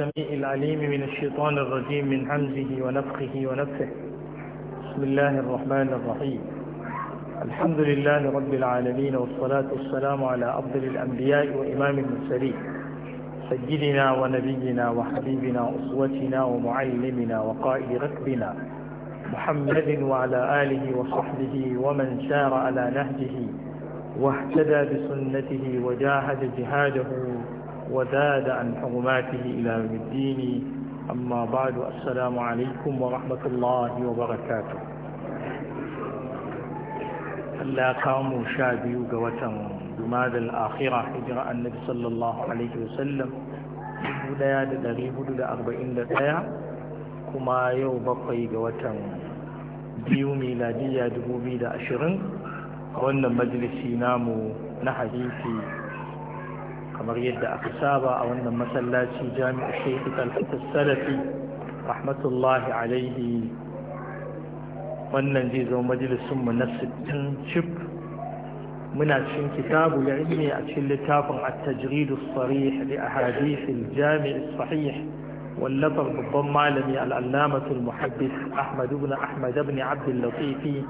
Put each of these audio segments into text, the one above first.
السميع العليم من الشيطان الرجيم من همزه ونفخه ونفسه بسم الله الرحمن الرحيم الحمد لله رب العالمين والصلاة والسلام على أفضل الأنبياء وإمام المرسلين سيدنا ونبينا وحبيبنا أسوتنا ومعلمنا وقائد ركبنا محمد وعلى آله وصحبه ومن سار على نهجه واهتدى بسنته وجاهد جهاده وزاد عن حرماته إلى يوم الدين أما بعد السلام عليكم ورحمة الله وبركاته لا قاموا شابيوا قوتهم جماد الآخرة هجرة النبي صلى الله عليه وسلم بداية دريه دا أربعين دقيقة كما يو بقي قوتهم بيو ميلادية دبوبي دا أشرين وأن مجلسي نامو نحديثي kamar yadda aka saba a wannan masallaci jami'a shaikh talfatar salafi rahmatullahi alaihi wannan zai zama majalisunmu na 60 cif muna cikin kitabu ilmi a cikin littafin a tajrid as-sarih li ahadith al sahih wallafar babban malami al muhabbis al ahmad ibn ahmad ibn abd al-latif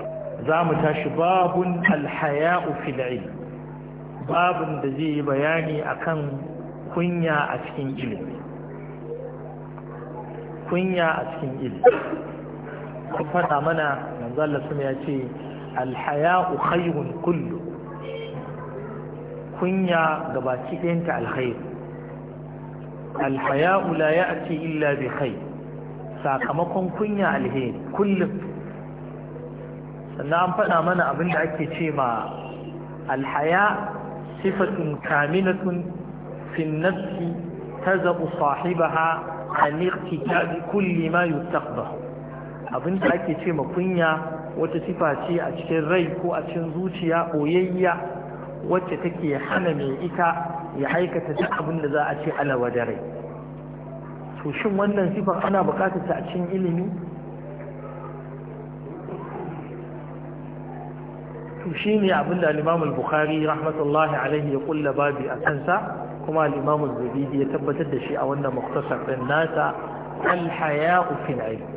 az za mu tashi babun alhaya'u fil ilm babun da zai yi bayani akan kunya a cikin ilimi kunya a cikin ilimi ku faɗa mana manzo Allah sun ya ce alhaya'u khayrun kullu kunya gabaki ɗayanta alkhair alhaya'u la ya'ti illa bi khair sakamakon kunya alheri kullum sannan an faɗa mana abin da ake ce ma alhaya sifatun kaminatun fin nafsi tazabu sahibaha an iqtitabi kulli ma yustaqba abin da ake ce ma kunya wata sifa ce a cikin rai ko a cikin zuciya boyayya wacce take hana mai ita ya aikata duk abin da za a ce alawa da rai to shin wannan sifar ana bukatar ta a cikin ilimi to shi ne abinda al-imam al-bukhari rahmatullahi alaihi ya kulla babi a kansa kuma al-imam al-zabidi ya tabbatar da shi a wannan muktasar din nasa al-haya'u fil ilm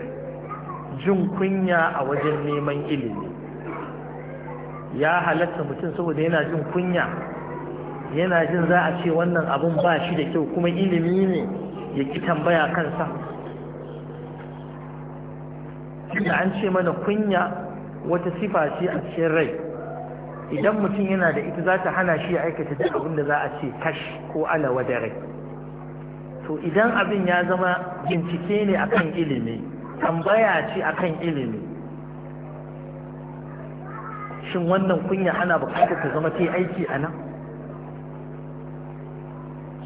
jin kunya a wajen neman ilimi ya halatta mutum saboda yana jin kunya yana jin za a ce wannan abun ba shi da kyau kuma ilimi ne ya ki tambaya kansa da an ce mana kunya wata sifa ce a cikin rai idan mutum yana da ita za ta hana shi aikata duk abin da za a ce kash ko alawa rai to idan abin ya zama bincike ne akan ilimi tambaya ce akan ilimi shin wannan kunya ana bukatar ta zama ta aiki a nan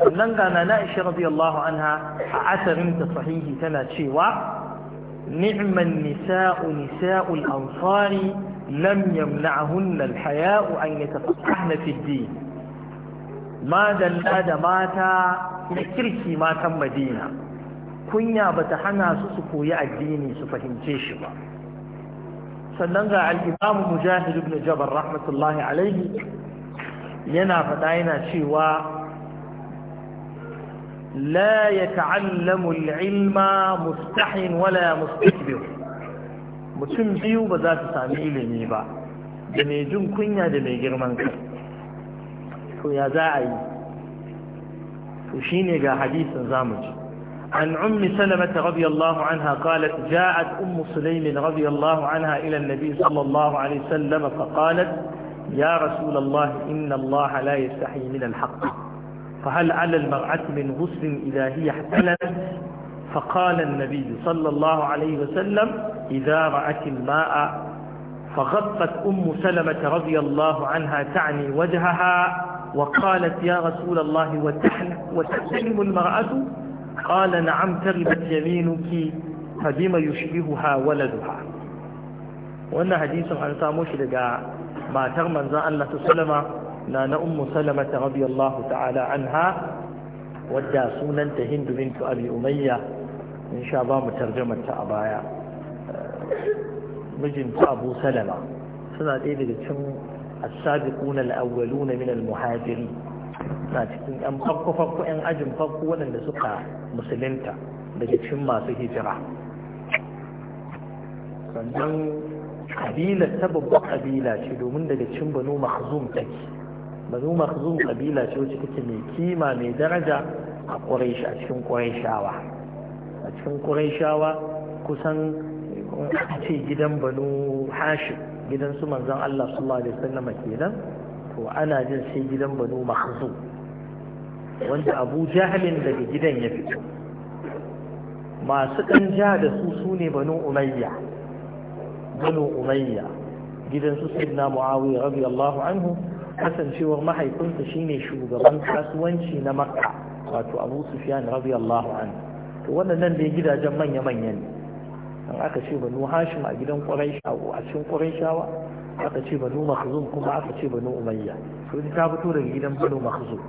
sannan gana na ishe radiyallahu anha a asarin ta sahihi tana cewa ni'man nisa'u nisa'ul ansari lam yamna'hunna al-haya'u an yatafaqahna fi ad-din ma dalla da mata da kirki matan Madina kunya bata hana su su koyi addini su fahimce shi ba sannan ga al-Imam Mujahid ibn Jabr rahmatullahi alayhi yana fada yana cewa لا يتعلم العلم مستحن ولا مستكبر mutum biyu ba za su sami ilimi ba da mai jin kunya da mai girman kai to ya za a yi to shine ga hadisin zamu ji an ummi salama radiyallahu anha qalat ja'at ummu sulaym radiyallahu anha ila nabi sallallahu alaihi wasallam fa qalat ya rasul allah inna allah la yastahi min al-haqq فهل على المرأة من غسل إذا هي احتلت فقال النبي صلى الله عليه وسلم إذا رأت الماء فغطت أم سلمة رضي الله عنها تعني وجهها وقالت يا رسول الله وتحلم المرأة قال نعم تغبت يمينك فبما يشبهها ولدها وأن حديث عن ساموش لقاء ما ترمن أن الله تسلم نان أم سلمة رضي الله تعالى عنها والداسون انتهند هند بنت أبي أمية in sha ba mu tarjamata a baya mijinta abu salama suna ɗaya daga cin asabiquna al-awwaluna min al-muhajiri na cikin yan farko farko yan ajin farko waɗanda suka musulunta daga cikin masu hijira sannan ƙabila ta babbar kabila ce domin daga cikin banu mahzum take banu mahzum ƙabila ce wacce take mai kima mai daraja a ƙwarai a cikin ƙwarai shawa a cikin ƙuraishawa kusan ce gidan banu hashim gidan su manzan Allah sallallahu alaihi wasallam kenan to ana jin sai gidan banu mahzu wanda abu jahalin daga gidan ya fito masu ɗan ja da su su ne banu umayya banu umayya gidan su sayyidina rabi radiyallahu anhu kasancewar mahaifinsa shine shugaban kasuwanci na makka wato abu sufyan radiyallahu anhu to waɗannan dai gidajen manya-manya ne an aka ce banu hashim a gidan ƙwarai shawo a cikin ƙwarai shawa aka ce banu makhzum kuma aka ce banu umayya to ta fito daga gidan banu makhzum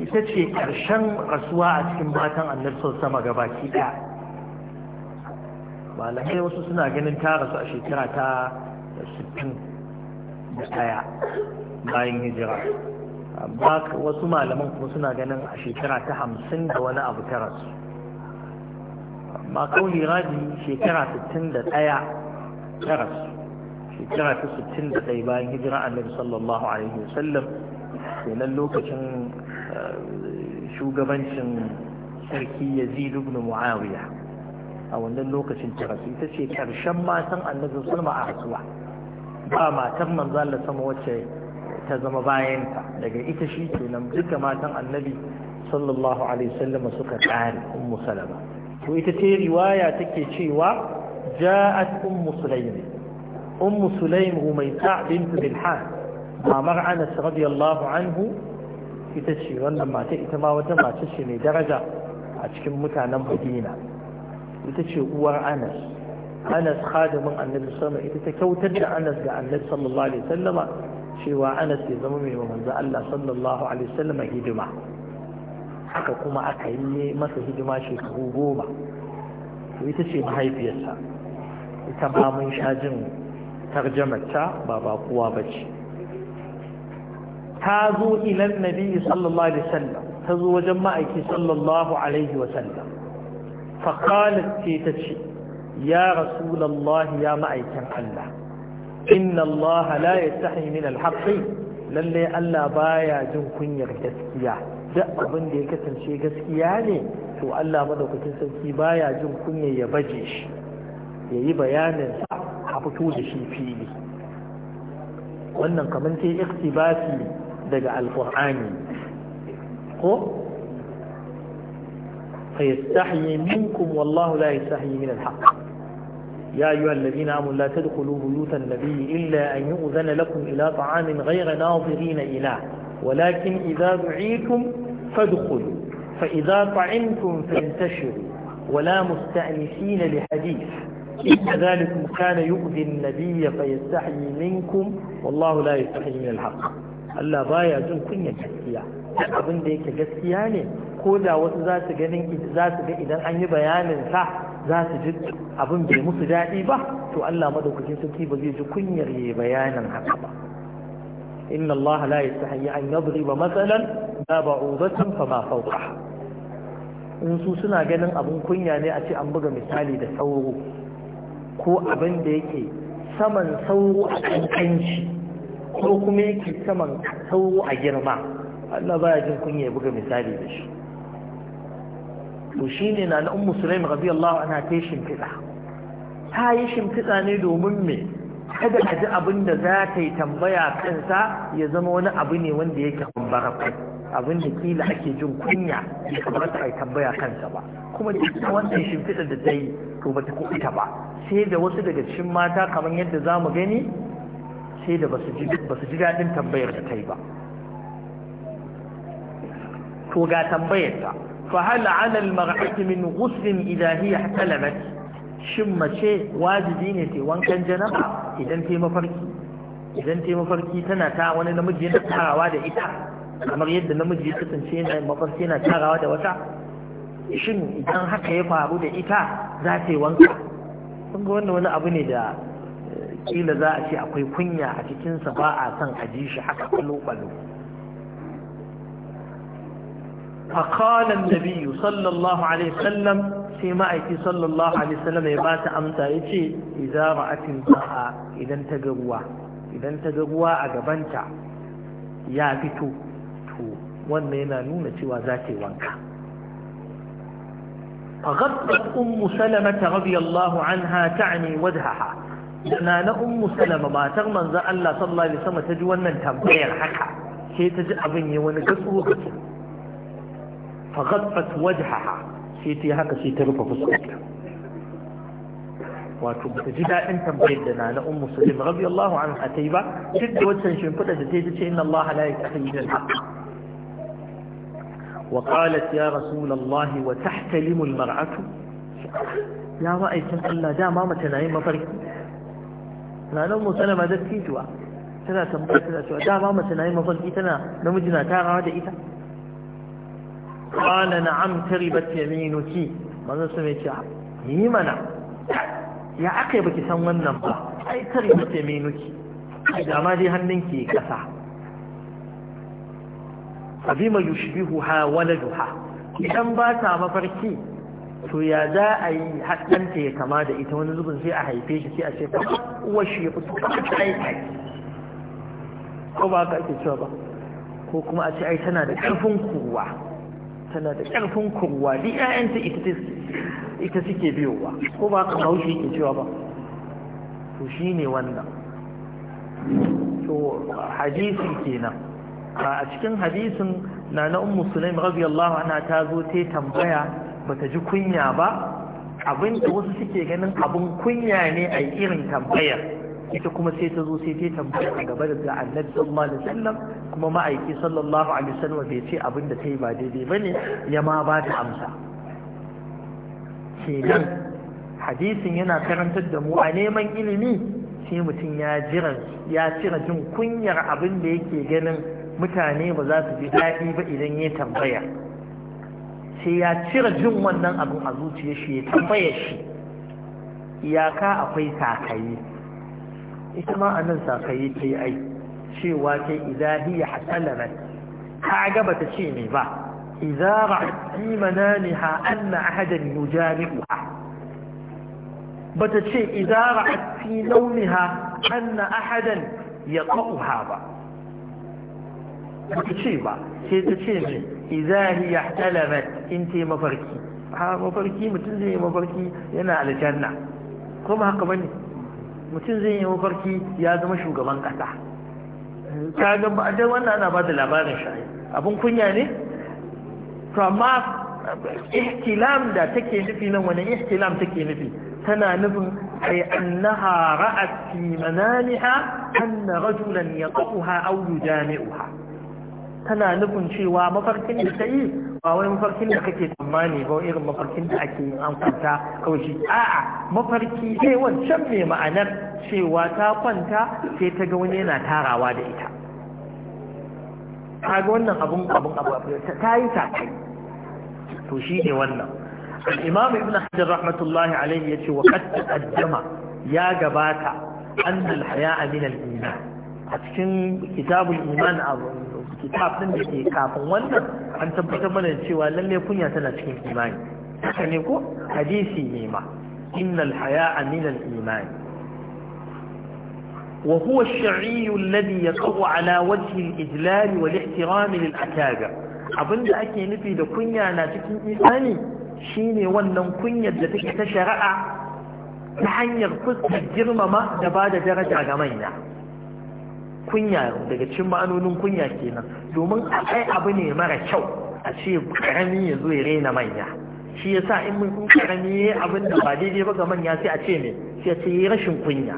ita ce ƙarshen rasuwa a cikin matan annabtar sama ga baki ɗaya malamai wasu suna ganin ta rasu a shekara ta da ɗaya bayan hijira wasu malaman kuma suna ganin a shekara ta hamsin da wani abu tara su amma kauli raji shekara sittin da ɗaya tara su shekara ta sittin da ɗaya bayan hijira annabi sallallahu alaihi wasallam kenan lokacin eh, shugabancin sarki yazid ibn muawiya a wannan lokacin tara su ita ce karshen matan annabi sulma a rasuwa ba matan manzo Allah sama wacce ta zama bayanta daga ita shi kenan duka matan annabi sallallahu alaihi wasallam suka kare ummu salama to ita ce riwaya take cewa ja'at ummu sulaym ummu sulaym umayta bint bilhan mamar anas radiyallahu anhu ita ce wannan mata ita ma wata mace ce mai daraja a cikin mutanen madina ita ce uwar anas anas khadimin annabi sama ita ta kyautar da anas ga annabi sallallahu alaihi wasallama cewa anas ya zama mai manzo Allah sallallahu alaihi wasallam hidima haka kuma aka yi masa hidima shekaru goma to ita ce mahaifiyarsa ita ba mun sha jin tarjamarta ba ba kowa ba ce ta zo ilan nabi sallallahu alaihi wasallam ta zo wajen ma'aiki sallallahu alaihi wasallam faqalat ce ta ce ya rasulullahi ya ma'aikin Allah inna Allah la yastahi min al-haqqi lalle Allah baya jin kunyar gaskiya duk abin da ya kasance gaskiya ne to Allah madaukakin sarki baya jin kunyar ya baje shi yi bayanin sa a fito da shi fili wannan kamar sai iktibasi daga alqur'ani ko fa yastahi minkum wallahu la yastahi min al-haqq يا أيها الذين آمنوا لا تدخلوا بيوت النبي إلا أن يؤذن لكم إلى طعام غير ناظرين إله ولكن إذا دعيتم فادخلوا فإذا طعمتم فانتشروا ولا مستأنسين لحديث إن ذلكم كان يؤذي النبي فيستحيي منكم والله لا يستحيي من الحق Allah baya jin kunyar gaskiya duk abin da yake gaskiya ne ko da wasu za su ganin za su ga idan an yi bayanin sa za su ji abin bai musu daɗi ba to Allah madaukakin sarki ba zai ji kunyar yayi bayanin haka ba inna Allah la yastahi an yadriba masalan la ba'udatan ma fawqa in su suna ganin abin kunya ne a ce an buga misali da sauro ko abin da yake saman sauro a kankanci ko kuma yake saman sauro a girma Allah baya jin kunya ya buga misali da shi to ne na na ummu sulaim Allah ana ta shimfiɗa ta yi shimfiɗa ne domin me kada a ji abin da za ta yi tambaya kansa ya zama wani abu ne wanda yake kumbara abin da kila ake jin kunya ya kamata a yi tambaya kansa ba kuma da wannan shimfiɗa da ta yi to bata ita ba sai da wasu daga cikin mata kamar yadda za mu gani sai da basu ji daɗin tambayar da ta yi ba to ga tambayar ta فهل على المرأة من غسل إذا هي احتلمت شم شيء واجدين وان كان جنبا إذا في مفركي إذا في مفركي تنا تا وانا نمجي نتارا وادا إتا kamar yadda namiji ya kasance yana mafarki yana tarawa da wata shin idan haka ya faru da ita za ta yi wanka wannan wani abu ne da kila za a ce akwai kunya a cikinsa ba a son a ji shi haka kwalo-kwalo فقال النبي صلى الله عليه وسلم في مأتي صلى الله عليه وسلم يبات أمتا يتي إذا رأت الماء إذا تقوى إذا تقوى أقبنت يا بتو تو ونينا نونة وذاتي وانكا فغطت أم سلمة رضي الله عنها تعني وجهها لنا أم سلمة ما تغمن ذا الله صلى الله عليه وسلم تجوانا تنبير حكا كي تجأ بني ونقصه قصه فغطت وجهها سيتي هكا سيتي رفا فسكت واتو بتجدا انت بيدنا لأم سليم رضي الله عنها تيبا جد وجسن شنفتة تيجي شيء إن الله لا يتحي من الحق وقالت يا رسول الله وتحتلم المرأة يا رأي سنة الله دا ماما تنعيم مفرق لا نمو سنة ما ذات تيجوا سنة سنة سنة دا ماما تنايم مفرق إتنا نمجنا تارا دا إتنا ba ce mai nuki manzo su mai ce yi mana ya aka yi baki san wannan ba ai mai nuki da ma dai hannunki kasa ha wani duha idan ba ta mafarki to ya za a yi haɗanta ya kama da ita wani zubin sai a haife shi sai a ce uwar shi ya fito ta aiki ko ba ka ake cewa ba ko kuma a ce ai tana da ƙarfin kowa tana da ƙarfin kurwa duk ƴaƴanta ita suke biyowa ko ba ka haushi ke cewa ba to shi ne wannan to hadisi kenan a cikin hadisin na na ummu sulaim radiyallahu anha ta zo ta tambaya bata ji kunya ba abinda wasu suke ganin abin kunya ne a irin tambayar ita kuma sai ta zo sai ta tambaya a gaba da annabi sallallahu alaihi wasallam kuma ma'aiki sallallahu alaihi wasallam bai ce abin da ta yi ba daidai bane ya ma ba ta amsa kenan hadisin yana karantar da mu a neman ilimi sai mutum ya jira ya cire jin kunyar abin da yake ganin mutane ba za su ji daɗi ba idan ya tambaya sai ya cire jin wannan abin a zuciyar shi ya tambaya shi iyaka akwai takayi ita ma a nan sakayi ta yi ai cewa ta idahiyya hasalanat ka ga ta ce ne ba ha idza ra'ati mananiha anna ahadan ba ta ce launi idza ra'ati launiha anna ahadan yaqauha ba ba ta ce ba sai ta ce ne idza hiya ihtalamat in ta mafarki ha mafarki mutum zai mafarki yana aljanna kuma haka bane mutum zai yi mafarki ya zama shugaban ƙasa ta ga ba wannan ana ba da labarin shayi abin kunya ne to amma ihtilam da take nufi nan wani ihtilam take nufi tana nufin ay annaha ra'at fi manamiha anna rajulan yaqaha aw yujami'uha tana nufin cewa mafarkin da ta yi ba wai mafarkin da kake tsammani ba irin mafarkin da ake yin an kwanta kawai shi a'a mafarki sai wancan mai ma'anar cewa ta kwanta sai ta ga wani yana tarawa da ita kaga wannan abun abun abu ta yi ta kai to shi ne wannan al-imam ibn hajar rahmatullahi alaihi yace wa qad taqaddama ya gabata an al-haya min al-iman a cikin kitabul iman kitab din da ke kafin wannan an tabbatar mana cewa lalle kunya tana cikin imani haka ne ko hadisi ne ma innal haya min imani wa huwa ash-shari'u alladhi yaqaw ala wajhi al ijlal wal ihtiram lil akabir abinda ake nufi da kunya na cikin imani shine wannan kunyar da take ta shari'a ta hanyar fuskar girmama da ba da daraja ga manya kunya daga cin ma'anonin kunya kenan domin ai abu ne mara kyau a ce karami ya zo ya raina manya shi ya sa in mun karami ya abin da ba daidai ba ga manya sai a ce ne sai a ce yi rashin kunya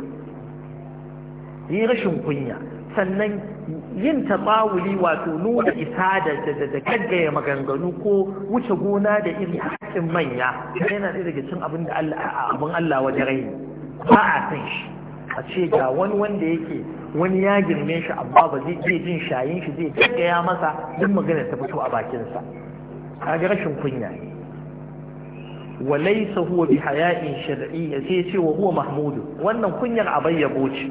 yi rashin kunya sannan yin taɓawuli wato nuna isa da da kaggaya maganganu ko wuce gona da iri hakkin manya yana ɗaya daga cin abin abin Allah wajen rai ba a san shi a ce ga wani wanda yake wani ya girme shi amma ba zai je jin shayin shi zai gaggaya masa duk magana ta fito a bakinsa kaga rashin kunya ne walaysa huwa bi haya'in shar'iyya sai ce wa huwa mahmudu wannan kunyar abai ya ce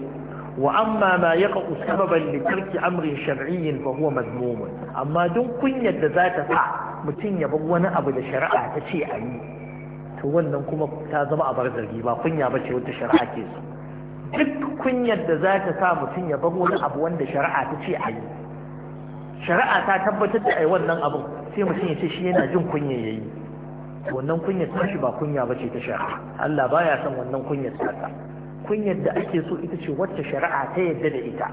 wa amma ma yaqa'u sababan li tarki amrin shar'iyyin fa huwa madmum amma duk kunyar da za ta sa mutum ya bar wani abu da shari'a ta ce a yi to wannan kuma ta zama a bar zargi ba kunya ce wata shari'a ke so duk kunyar da za ta sa mutum ya bar wani abu wanda shari'a ta ce a yi shari'a ta tabbatar da a yi wannan abin sai mutum ya ce shi yana jin kunya ya yi wannan kunyar ta shi ba kunya ba ce ta shari'a Allah baya son wannan kunyar ta ta kunyar da ake so ita ce wacce shari'a ta yadda da ita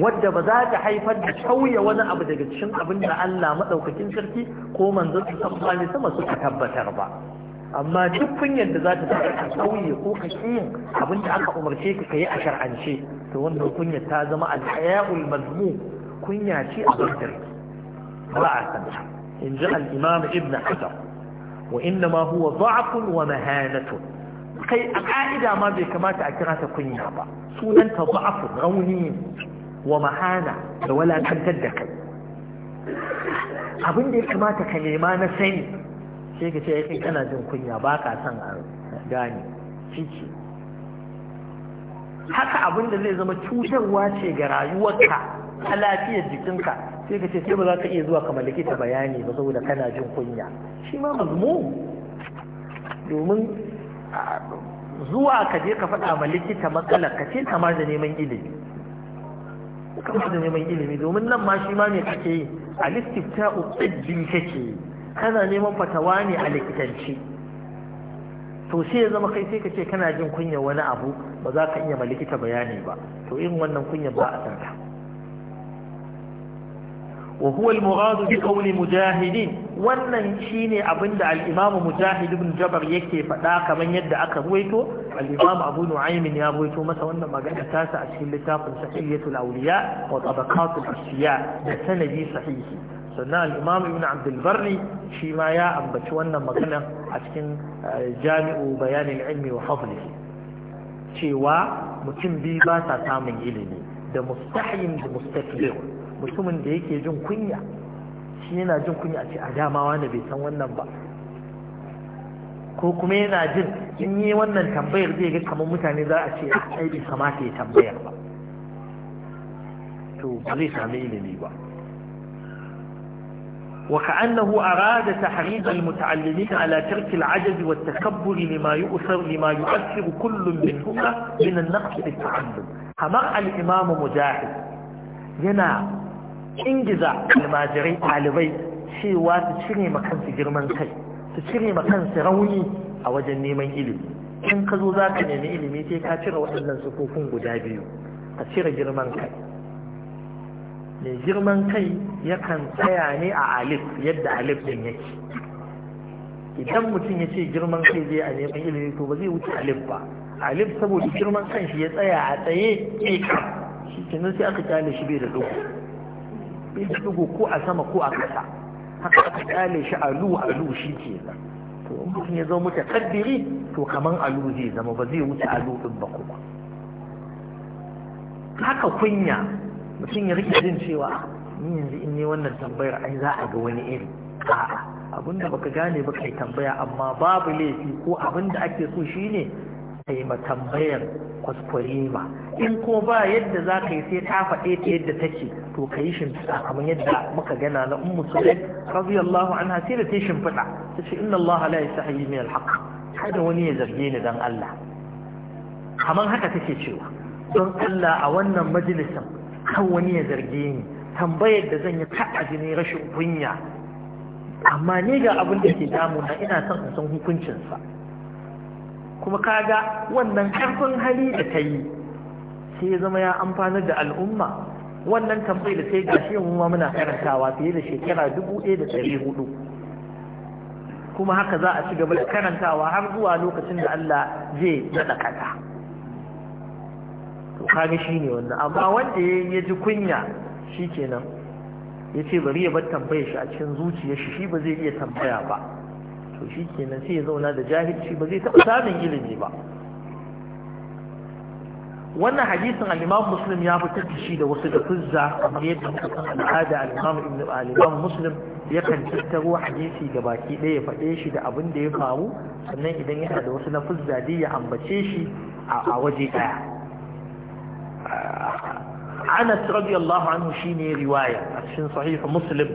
wadda ba za ta haifar da sauya wani abu daga cikin abin da Allah madaukakin sarki ko manzon sallallahu alaihi wasallam suka tabbatar ba amma duk kunyar da za ta sa ka kauye ko ka yin abin da aka umarce ka ka yi a shar'ance to wannan kunyar ta zama al-haya'ul mazmum kunya ce a bakar ba a san in ji al-imam ibn hajar wa inna ma huwa dha'fun wa mahanatun kai a ka'ida ma bai kamata a kira ta kunya ba sunan ta dha'fun rauni wa mahana da walakantar da kai abin da ya kamata ka nema na sani sai ka ce ya kai kana jin kunya ba ka son a gane ciki haka abin da zai zama cutarwa ce ga rayuwarka ta lafiyar jikinka sai ka ce sai ba za ka iya zuwa ka likita bayani ba saboda kana jin kunya shi ma mazmu domin zuwa ka je ka faɗa ma likita matsalar ka ce kamar da neman ilimi kamar da neman ilimi domin nan ma shi ma me kake yi a listifta utsibbi kake yi kana neman fatawa ne a likitanci to sai ya zama kai sai ka ce kana jin kunya wani abu ba za ka iya ma likita bayani ba to irin wannan kunya ba a huwa al وهو bi qawli mujahidin wannan shine abinda al-Imam Mujahid ibn Jabr yake faɗa kaman yadda aka ruwaito al-Imam Abu Nu'aym ya ruwaito masa wannan magana tasa a cikin littafin Sahihatul Awliya wa Tabaqatul Ashiya da sanadi sahihi sannan al'imam ibn abdulbarni shi ma ya ambaci wannan magana a cikin eh, jami'u bayanin ilmi wa hafli cewa mutum biyu ba sa samun ilimi da mustahin da mustaqbil mutumin da yake jin kunya shi yana jin kunya a ce a dama wani bai san wannan ba ko kuma yana jin in yi wannan tambayar zai ga kamar mutane za a ce ai bai kamata ya tambayar ba to ba zai sami ilimi ba وكأنه أراد تحريض المتعلمين على ترك العجز والتكبر لما يؤثر لما يؤثر كل منهما من النقص في التعلم كما الإمام مجاهد ينا إنجزع الماجري طالبي شيوا تشري مكان في جرمان كي تشري مكان سروني أو جني من إلي إن كذو ذاك يعني إلي ميتي كاتر وإلا سفوفون قدابيو تشري جرمان كي mai girman kai yakan tsaya ne a alif yadda alif din yake idan mutum ya ce girman kai zai a neman ilimi to ba zai wuce alif ba alif saboda girman kan shi ya tsaya a tsaye kan shi kenan sai aka kyale shi bai da dugu bai da dugu ko a sama ko a kasa, haka aka kyale shi alu alu shi ke to in mutum ya zama Kaddiri, to kaman alu zai zama ba zai wuce alu din ba kuma haka kunya mutum ya rike jin cewa ni yanzu in ne wannan tambayar ai za a ga wani iri a'a abinda baka gane ba kai tambaya amma babu laifi ko abinda ake so shine kai ma tambayar kwaskwari ba in ko ba yadda za ka yi sai ta faɗe ta yadda take to ka yi shimfiɗa kamar yadda muka gana na ummu sulaim radiyallahu anha sai da ta yi shimfiɗa ta ce inna Allah la yastahi min al-haqq kada wani ya zarge ni dan Allah kamar haka take cewa don Allah a wannan majalisin kan wani ya zarge ni tambayar da zan yi ta rashin kunya amma ni ga abin da ke damuna ina son in san hukuncinsa kuma kaga wannan ƙarfin hali da ta yi sai ya zama ya amfanar da al'umma wannan tambayar da sai ga shi muna karantawa fiye da shekara dubu ɗaya da ɗari hudu kuma haka za a ci gaba da karantawa har zuwa lokacin da Allah zai naɗa kasa to kaga shine wannan amma wanda ya ji kunya shikenan yace bari ya bar tambayar shi a cikin zuciyar shi shi ba zai iya tambaya ba to shikenan sai ya zauna da jahilci ba zai taɓa samun ilimi ba wannan hadisin al-Imam Muslim ya fitar da shi da wasu da tuzza kamar yadda muka san al'ada al-Imam Ibn al-Imam Muslim yakan tattaro hadisi da baki ɗaya ya faɗe shi da abin da ya faru sannan idan yana da wasu lafuzza dai ya ambace shi a waje ɗaya anas radiyallahu anhu shine riwaya a cikin sahih muslim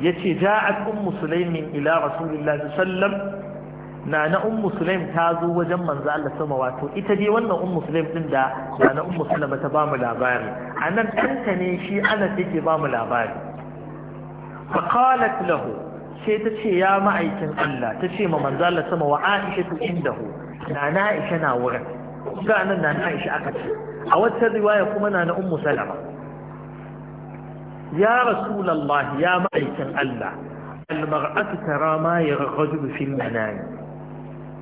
yace ja'at ummu sulaimin ila rasulillahi sallam na na ummu sulaim ta zo wajen manzo Allah sama wato ita dai wannan ummu sulaim din da na na ummu sulaim ta ba mu labari anan ta ne shi anas yake ba mu labari fa qalat lahu sai ta ce ya ma'aikin Allah ta ce ma manzo Allah sama wa Aisha tu indahu na na Aisha na wurin ga nan na Aisha aka ce a wata riwaya kuma na na ummu salama ya rasulullah ya ma'aikin Allah almar'atu tara ma yarghadu fil manam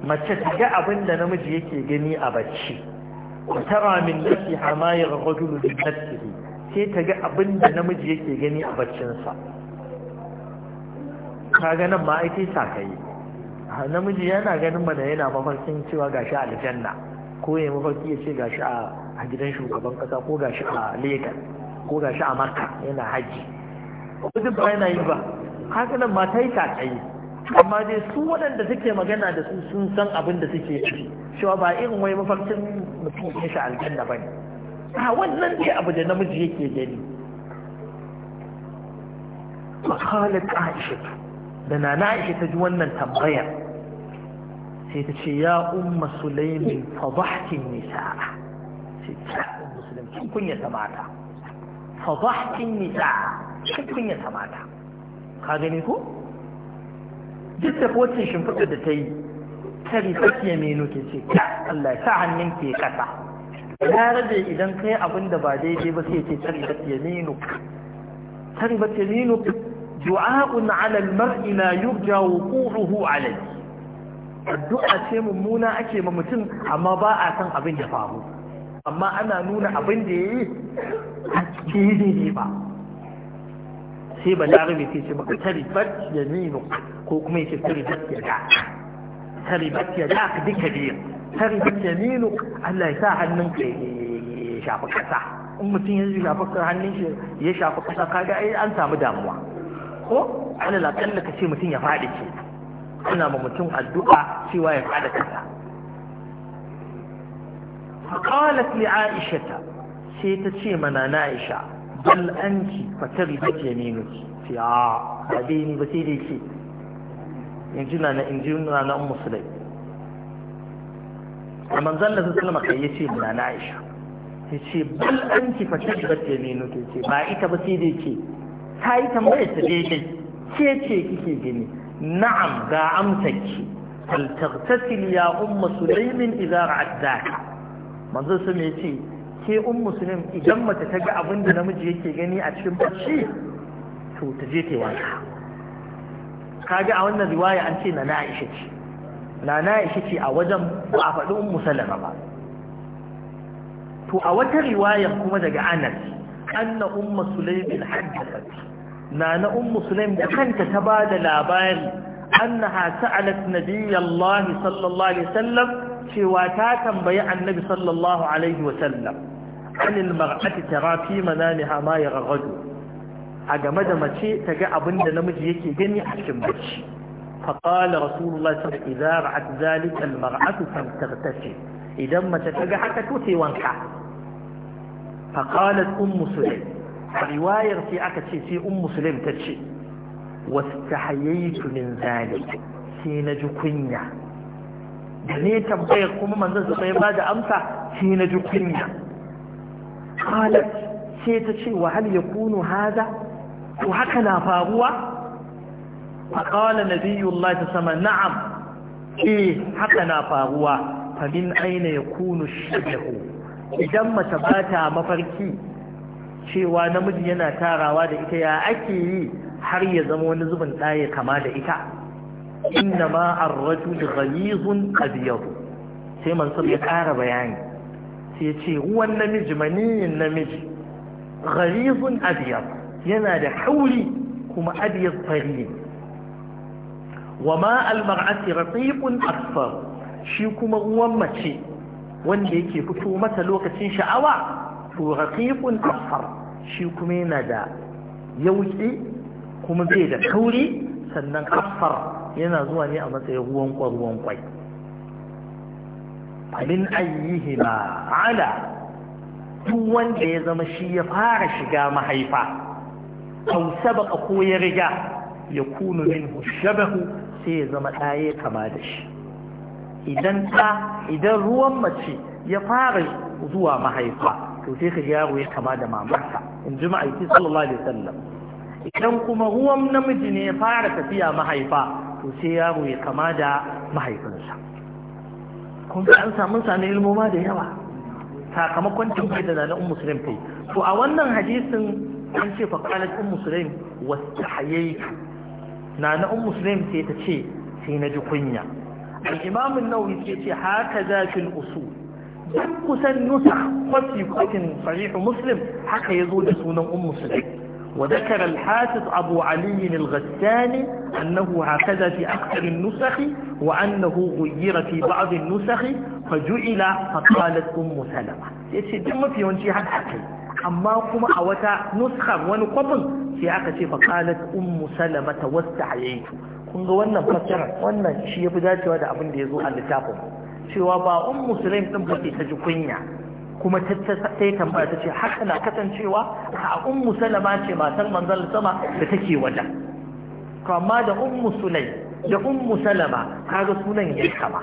mace ta ga abin da namiji yake gani a bacci tara min nafsiha ma yarghadu bi nafsihi sai ta ga abin da namiji yake gani a baccinsa kaga nan ma ai sai sakai ah, namiji yana ganin mana yana mafarkin cewa gashi aljanna ko ya mafarki ya ce gashi a a gidan shugaban kasa ko gashi a Lagos ko gashi a Makka yana haji ko duk ba yana yi ba kaga ma ta yi tsaye amma dai su waɗanda suke magana da su sun san abin da suke ci cewa ba irin wai mafarkin mutum ya shi aljanna ba ne a wannan dai abu da namiji yake gani makalar aisha da na aisha ta ji wannan tambayar sai ta ce ya umma sulaimin fadahtin nisa. ce musulunci kun ya samata fadahtin nisa kun ya samata ka gani ko duk da wacce shimfiɗa da ta yi ta rifafiya menu ke ce Allah ya sa hannun ke kasa ya rage idan kai abin da ba daidai ba sai ce ta rifafiya menu ta rifafiya menu du'a'un ala al-mar'i la yurja wuqu'uhu alayhi addu'a ce mummuna ake ma mutum amma ba a san abin da faru amma ana nuna abin da ya yi haske ne ba sai ba larabe sai ce tari taribat ya nino ko kuma yake taribat ya da taribat ya da duka biyu taribat ya nino Allah ya sa hannun ka ya shafi kasa in mutum ya shafi hannun shi ya shafi kasa kaga ai an samu damuwa ko alal akalla ka ce mutum ya faɗi ke ana ma mutum addu'a cewa ya faɗi kasa فقالت لعائشة سيتشي منا نائشة بل أنت فتربت يمينك في آه هذه بتيديك ينجينا أنا إنجينا أنا أم مسلم فمن ظن ذلك سلم كيسي منا نائشة yace bal an ki fa tabbat yaminu ke ce ba ita ba sai dai ce ta yi ta dai ke ce kike gani na'am ga amsa ke fal taghtasil ya umma sulaymin idza ra'at zaka manzo su ne ce ke un um musulun idan mace ta ga abin da namiji yake gani a cikin bacci to ta je ta yi Ka ga a wannan riwaya an ce na na aisha ce na na aisha ce a wajen ba a faɗi un um musulun ba to a wata riwaya kuma daga anas un musulun bin haddathat na na un um musulun da kanta ta ba da labari annaha sa'alat nabiyyallahi sallallahu alaihi wasallam cewa ta tambayi annabi sallallahu alaihi wasallam anil mar'ati tara fi manamiha ma yarghadu a game da mace ta ga abin da namiji yake gani a cikin bacci fa qala rasulullah sallallahu alaihi wasallam idza ra'at zalika al mar'atu fantaghtasil idan mace ta ga haka to sai wanka fa qalat ummu sulaim riwayar sai aka ce sai ummu sulaim tace wastahayitu min zalik sai na ji kunya da ne tambayar kuma manzon su sai ba da amsa shi na ji kunya qalat sai ta ce wa ya kunu hada to haka na faruwa fa qala nabiyullahi ta sama na'am E, haka na faruwa fa min aina yakunu shabahu idan mace ba ta mafarki cewa namiji yana tarawa da ita ya ake yi har ya zama wani zubin ɗaya kama da ita inna ma ar-rajul ghalizun abyad sai mansur ya ƙara bayani sai ce ruwan namiji maniyin namiji ghalizun abyad yana da kauri kuma abyad fari wa ma al-mar'ati ratiqun shi kuma ruwan mace wanda yake fito mata lokacin sha'awa to raqiqun asfar shi kuma yana da yauki kuma bai da kauri sannan asfar yana zuwa ne a matsayin ruwan kwa ruwan kwai famin ayyihi ma ala duk wanda ya zama shi ya fara shiga mahaifa aw sabaqa ko ya riga ya kunu minhu shabahu sai ya zama ɗaya kama da shi idan ta idan ruwan mace ya fara zuwa mahaifa to sai ka yaro ya kama da mamarsa in ji ma'aiki sallallahu alaihi wasallam idan kuma ruwan namiji ne ya fara tafiya mahaifa to sai yaro ya kama da mahaifinsa kun ga an samu sani ilmoma da yawa sakamakon tambayar da zanen musulun ta fai to a wannan hadisin an ce faƙalar un musulun wasu hayayi na na un musulun sai ta ce sai na ji kunya Al'imamin nauyi ke ce haka za fi usul duk kusan nusa kwafi kwafin sahihu muslim haka ya zo da sunan un musulun وذكر الحافظ أبو علي الغساني أنه هكذا في أكثر النسخ وأنه غير في بعض النسخ فجعل فقالت أم سلمة يتشدم في ونشي حقي أما كما أوتا نسخة ونقبل في أكثر فقالت أم سلمة واستعيت kunga wannan fasara wannan shi ya fi dacewa da abin da ya zo a littafin cewa ba un musulun ɗin ba ta ji kunya kuma sai tambaya ta ce haka na kasancewa a ummu salama ce matar manzal sama da take wada, to amma da ummu sulai da ummu salama kaga sunan ya kama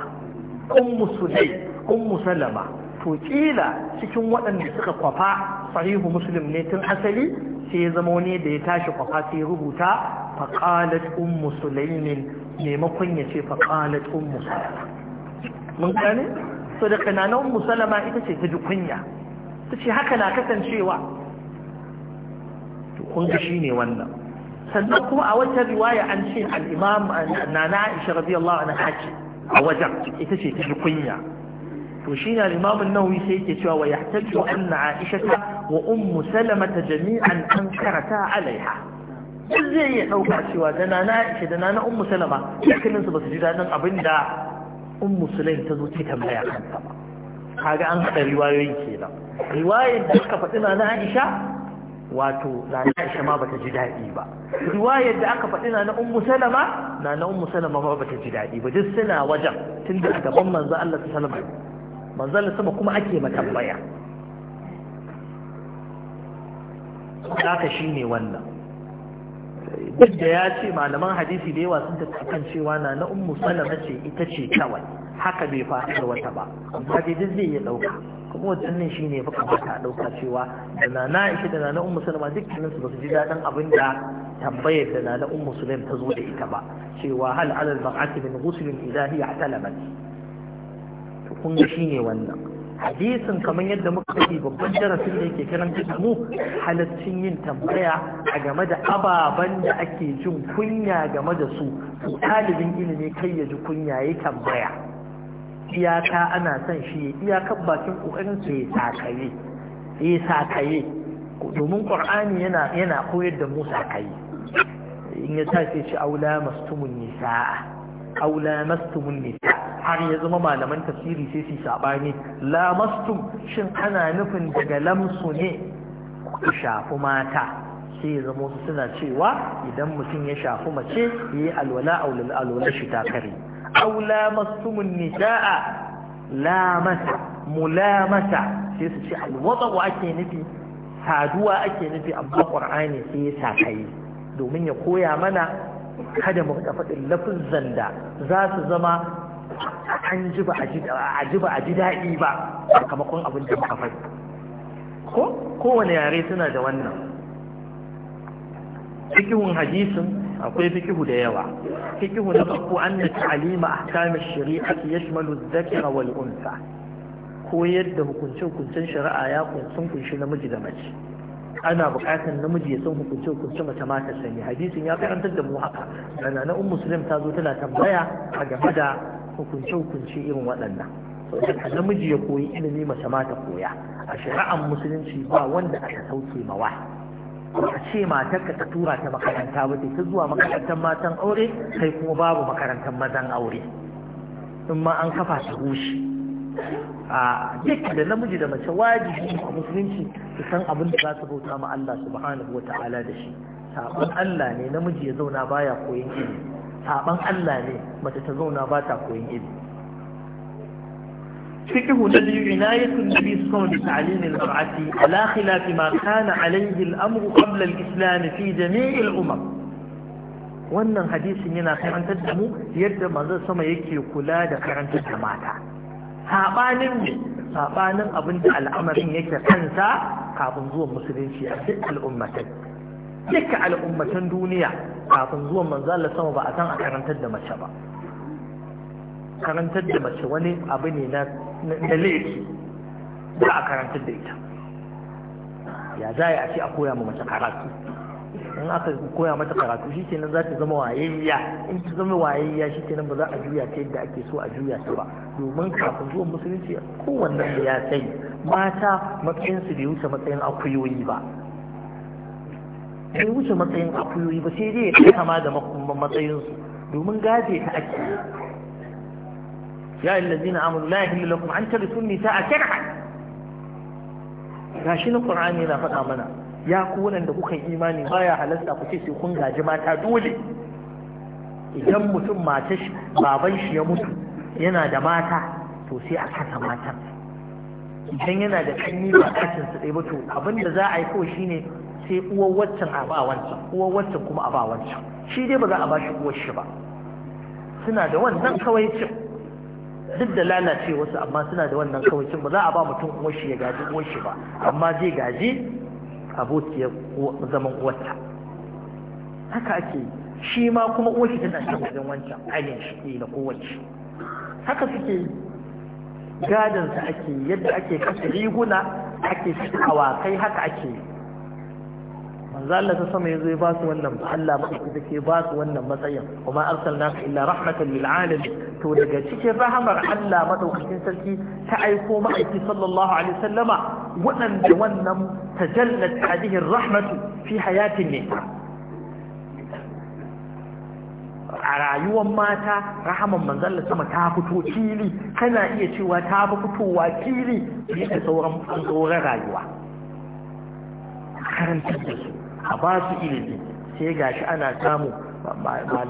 ummu sulai ummu salama to kila cikin waɗanda suka kwafa sahihu muslim ne tun asali sai ya zama wani da ya tashi kwafa sai rubuta faqalat ummu sulaimin maimakon ya ce faqalat ummu salama mun gane so da kananan musalama ita ce ta ji kunya ta ce haka na kasancewa to kunga shi ne wannan sannan kuma a wata riwaya an ce al'imam na na aisha radiyallahu na haji a wajen ita ce ta ji kunya to shi ne al'imamun nawawi sai yake cewa wa yahtaju anna ta, wa un salama ta jami'an an karata alaiha duk zai iya ɗauka cewa da na na da na na ummu salama yakinin su ba su ji daɗin abin da ummu sulaim ta zo ta tambaya kanta kaga an haɗa riwayoyi kenan riwayar da aka faɗi na na Aisha wato na na Aisha ma bata ji daɗi ba riwayar da aka faɗi na na Ummu Salama na na Ummu Salama ma bata ji daɗi ba duk suna wajen tun da gaban manzo Allah ta salama manzo Allah sama kuma ake matambaya haka shine wannan duk da ya ce malaman hadisi da yawa sun tafi kan cewa na na ummu salama ce ita ce kawai haka bai faru wata ba amma dai duk zai iya dauka kuma wannan shine fa kuma ta dauka cewa da na na da na na ummu salama su basu ji dadin abin da tambayar da na na ummu sulaim ta zo da ita ba cewa hal alal mar'ati min ghusl ilahi ya talabat to kun ga shine wannan hadisin kamar yadda muka faɗi babban darasin da yake karanta da mu halaccin yin tambaya a game da ababen da ake jin kunya game da su to ɗalibin ilimi kai ya ji kunya ya tambaya iyaka ana son shi ya iyaka bakin ƙoƙarin su ya sakaye ya sakaye domin ƙur'ani yana koyar da mu sakaye in ya tashi shi aula mastumun nisa'a aw lamastumun nisa har ya zama malaman tafsiri sai su saɓani. lamastum shin ana nufin daga lamsu ne ku shafi mata sai ya zama su suna cewa idan mutum ya shafi mace ya yi alwala alwala shi ta kare aw lamastumun nisaa lamasa mulamasa sai su ce alwada ake nufi saduwa ake nufi amma qur'ani sai ya sa kai domin ya koya mana kada mu rika faɗin lafizan da za su zama an ji ba a ji daɗi ba a kamakon abin da muka faɗi ko kowane yare suna da wannan fikihun hadisin akwai fikihu da yawa fikihu na farko an na ta'alima ahkam shari'a yashmalu dhakara wal unsa ko yadda hukuncin hukuncen shari'a ya kunsun kunshi namiji da mace ana bukatar namiji ya san hukunce hukunce mace ma ta sani hadisin ya karantar da mu haka dana na ummu muslim ta zo tana tambaya a game da hukunci hukunce irin waɗannan so da namiji ya koyi ilimi mace ma ta koya a shari'ar musulunci ba wanda aka sauke mawa a ce matar ka ta tura ta makaranta ba ta zuwa makarantar matan aure kai kuma babu makarantar mazan aure in ma an kafa ta rushe a jikin da namiji da mace wajibi a musulunci su san abin da za su bauta ma Allah subhanahu wa ta'ala da shi saban Allah ne namiji ya zauna baya koyon ilimi saban Allah ne mace ta zauna ba ta koyin ilimi فكه الذي عناية النبي صلى al عليه ala بتعليم ma kana alayhi al-amru qabla al-islam fi في al-umam wannan hadisin yana karantar da mu yadda manzon sama yake kula da karantar da mata saɓanin ne saɓanin abin al'amarin yake kansa kafin zuwan musulunci a duk al'ummatan duka al'ummatan duniya kafin zuwan manzala sama ba a san a karantar da mace ba karantar da mace wani abu ne na laifi ba a karantar da ita ya za a ce a koya ma mace karatu in aka koya mata karatu shi kenan za ta zama wayayya in ta zama wayayya shi kenan ba za a juya ta yadda ake so a juya ta ba domin kafin zuwan musulunci kowannen da ya sani mata matsayinsu bai wuce matsayin akuyoyi ba bai wuce matsayin akuyoyi ba sai dai ya kama da matsayinsu domin gaje ta ake ya allazina amanu la yahillu lakum an tarithu nisaa karhan gashi na qur'ani na faɗa mana ya ku waɗanda kuka imani ba ya halasta ku ce sai kun gaji mata dole idan mutum matar baban shi ya mutu yana da mata to sai a kasa matan idan yana da kanni ba kacin su ɗaya ba to abin da za a yi kawai shine sai uwar waccan a ba wancan uwar waccan kuma a ba wancan shi dai ba za a ba shi uwar shi ba suna da wannan kawai cin duk da lalace wasu amma suna da wannan kawai cin ba za a ba mutum uwar shi ya gaji uwar shi ba amma zai gaji abokiyar zaman uwarta haka ake shi ma kuma shi tana shan wajen wancan ainihin shi da kowace haka suke gadon su ake yadda ake kasa riguna ake shi awakai haka ake yi manzo Allah ta sama yazo ya ba su wannan Allah ba ita ke ba su wannan matsayin kuma ka illa rahmatan lil alamin to daga cikin rahamar Allah madaukakin sarki ta aiko ma aiki sallallahu alaihi wasallama waɗanda wannan tajallat hadihi rahmatu fi hayatin ne a rayuwar mata rahaman manzon Allah sama ta fito fili kana iya cewa ta fi fitowa fili fiye da sauran sauran rayuwa karantar da su a ba su ilimi sai gashi ana samu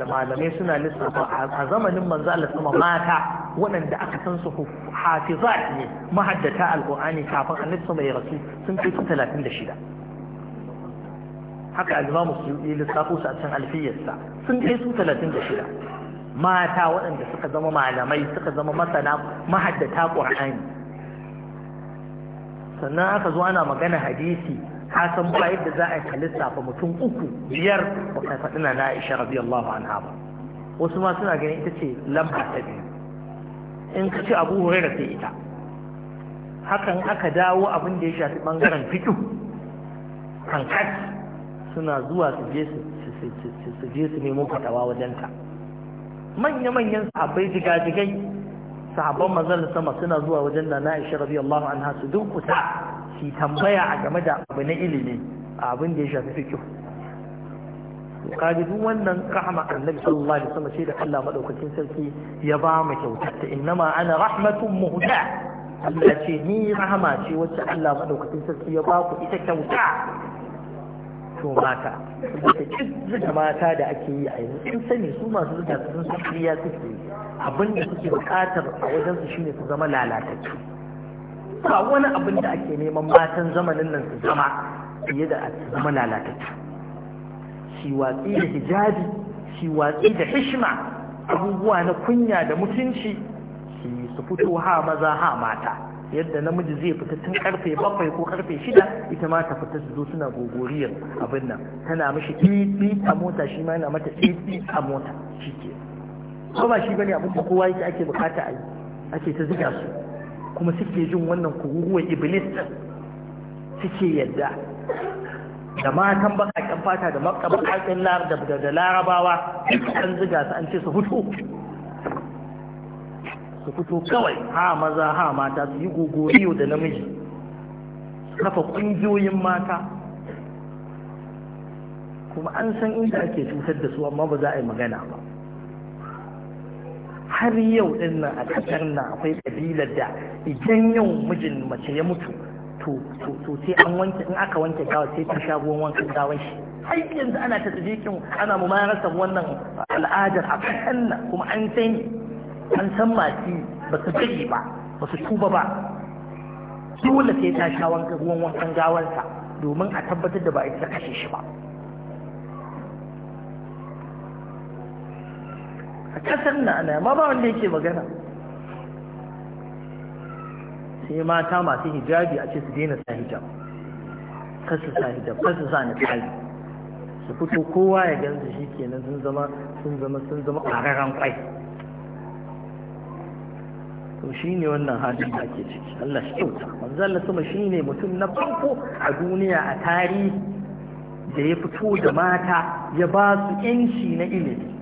malamai suna lissafa a zamanin manzo Allah sama mata waɗanda aka san su hafizat ne mahaddata alqur'ani kafin annabi sama ya rasu sun kai 36 haka al-Imam Suyuti lissafo su a cikin alfiyarsa sun kai su 36 mata waɗanda suka zama malamai suka zama masana mahaddata qur'ani sannan aka zo ana magana hadisi ka san ba yadda za a ka lissafa mutum uku biyar ba kai faɗi na Aisha radiyallahu anha ba wasu ma suna ganin ita ce lamba ta biyu in ka ce Abu Hurairah sai ita hakan aka dawo abin da ya shafi ɓangaren fito. kankat suna zuwa su je su je su nemo fatawa wajenta manya-manyan sahabbai jigajigai sahabban mazal sama suna zuwa wajen da na Aisha radiyallahu anha su dukuta ki tambaya a game da abu na ilimi abin da ya shafi fikir. kaji duk wannan rahama annabi sallallahu alaihi wasallam sai da Allah madaukakin sarki ya ba mu kyautarta innama ana rahmatun muhda Allah ce ni rahama ce wacce Allah madaukakin sarki ya ba ku ita kyauta to mata da da mata da ake yi a yanzu sun sani su masu zuga sun san kariya suke abinda suke bukatar a wajen su shine su zama lalatacce. ba wani abin da ake neman matan zamanin nan su zama fiye da zama lalatata shi watsi da hijabi shi watsi da hishma abubuwa na kunya da mutunci shi su fito ha maza ha mata yadda namiji zai fita tun karfe bakwai ko karfe shida ita ma ta fita su zo suna gogoriyar abin nan tana mishi tsitsi a mota shi ma yana mata tsitsi a mota shi ke ba shi bane abin da kowa yake ake bukata a yi ake ta zuga su kuma suke jin wannan kuguguwar iblis ɗin suke yadda da matan bakaken fata da bakaken da larabawa an ziga su an ce su fito su fito kawai ha maza ha mata su yi gogoriyo da namiji su kafa ƙungiyoyin mata kuma an san inda ake cutar da su amma ba za a yi magana ba har yau din nan a kasar nan akwai kabilar da idan yau mijin mace ya mutu to to to sai an wanke in aka wanke gawa sai ta sha ruwan wankan gawan shi har yanzu ana ta tsibikin ana marasa wannan al'adar a kasan nan kuma an san an san masu ba su gaji ba ba su tuba ba dole sai ta sha ruwan wankan sa domin a tabbatar da ba a ta kashe shi ba a ƙasar na ana ma ba wanda yake magana sai mata masu hijabi a ce su daina sa hijab kar su sa hijab kasu su sa kai su fito kowa ya ganzu shi kenan sun zama sun zama sun zama ƙwararren kwai to shi ne wannan halin da ake ciki Allah shi kyauta manzo Allah sama shi ne mutum na farko a duniya a tarihi da ya fito da mata ya ba su 'yanci na ilimi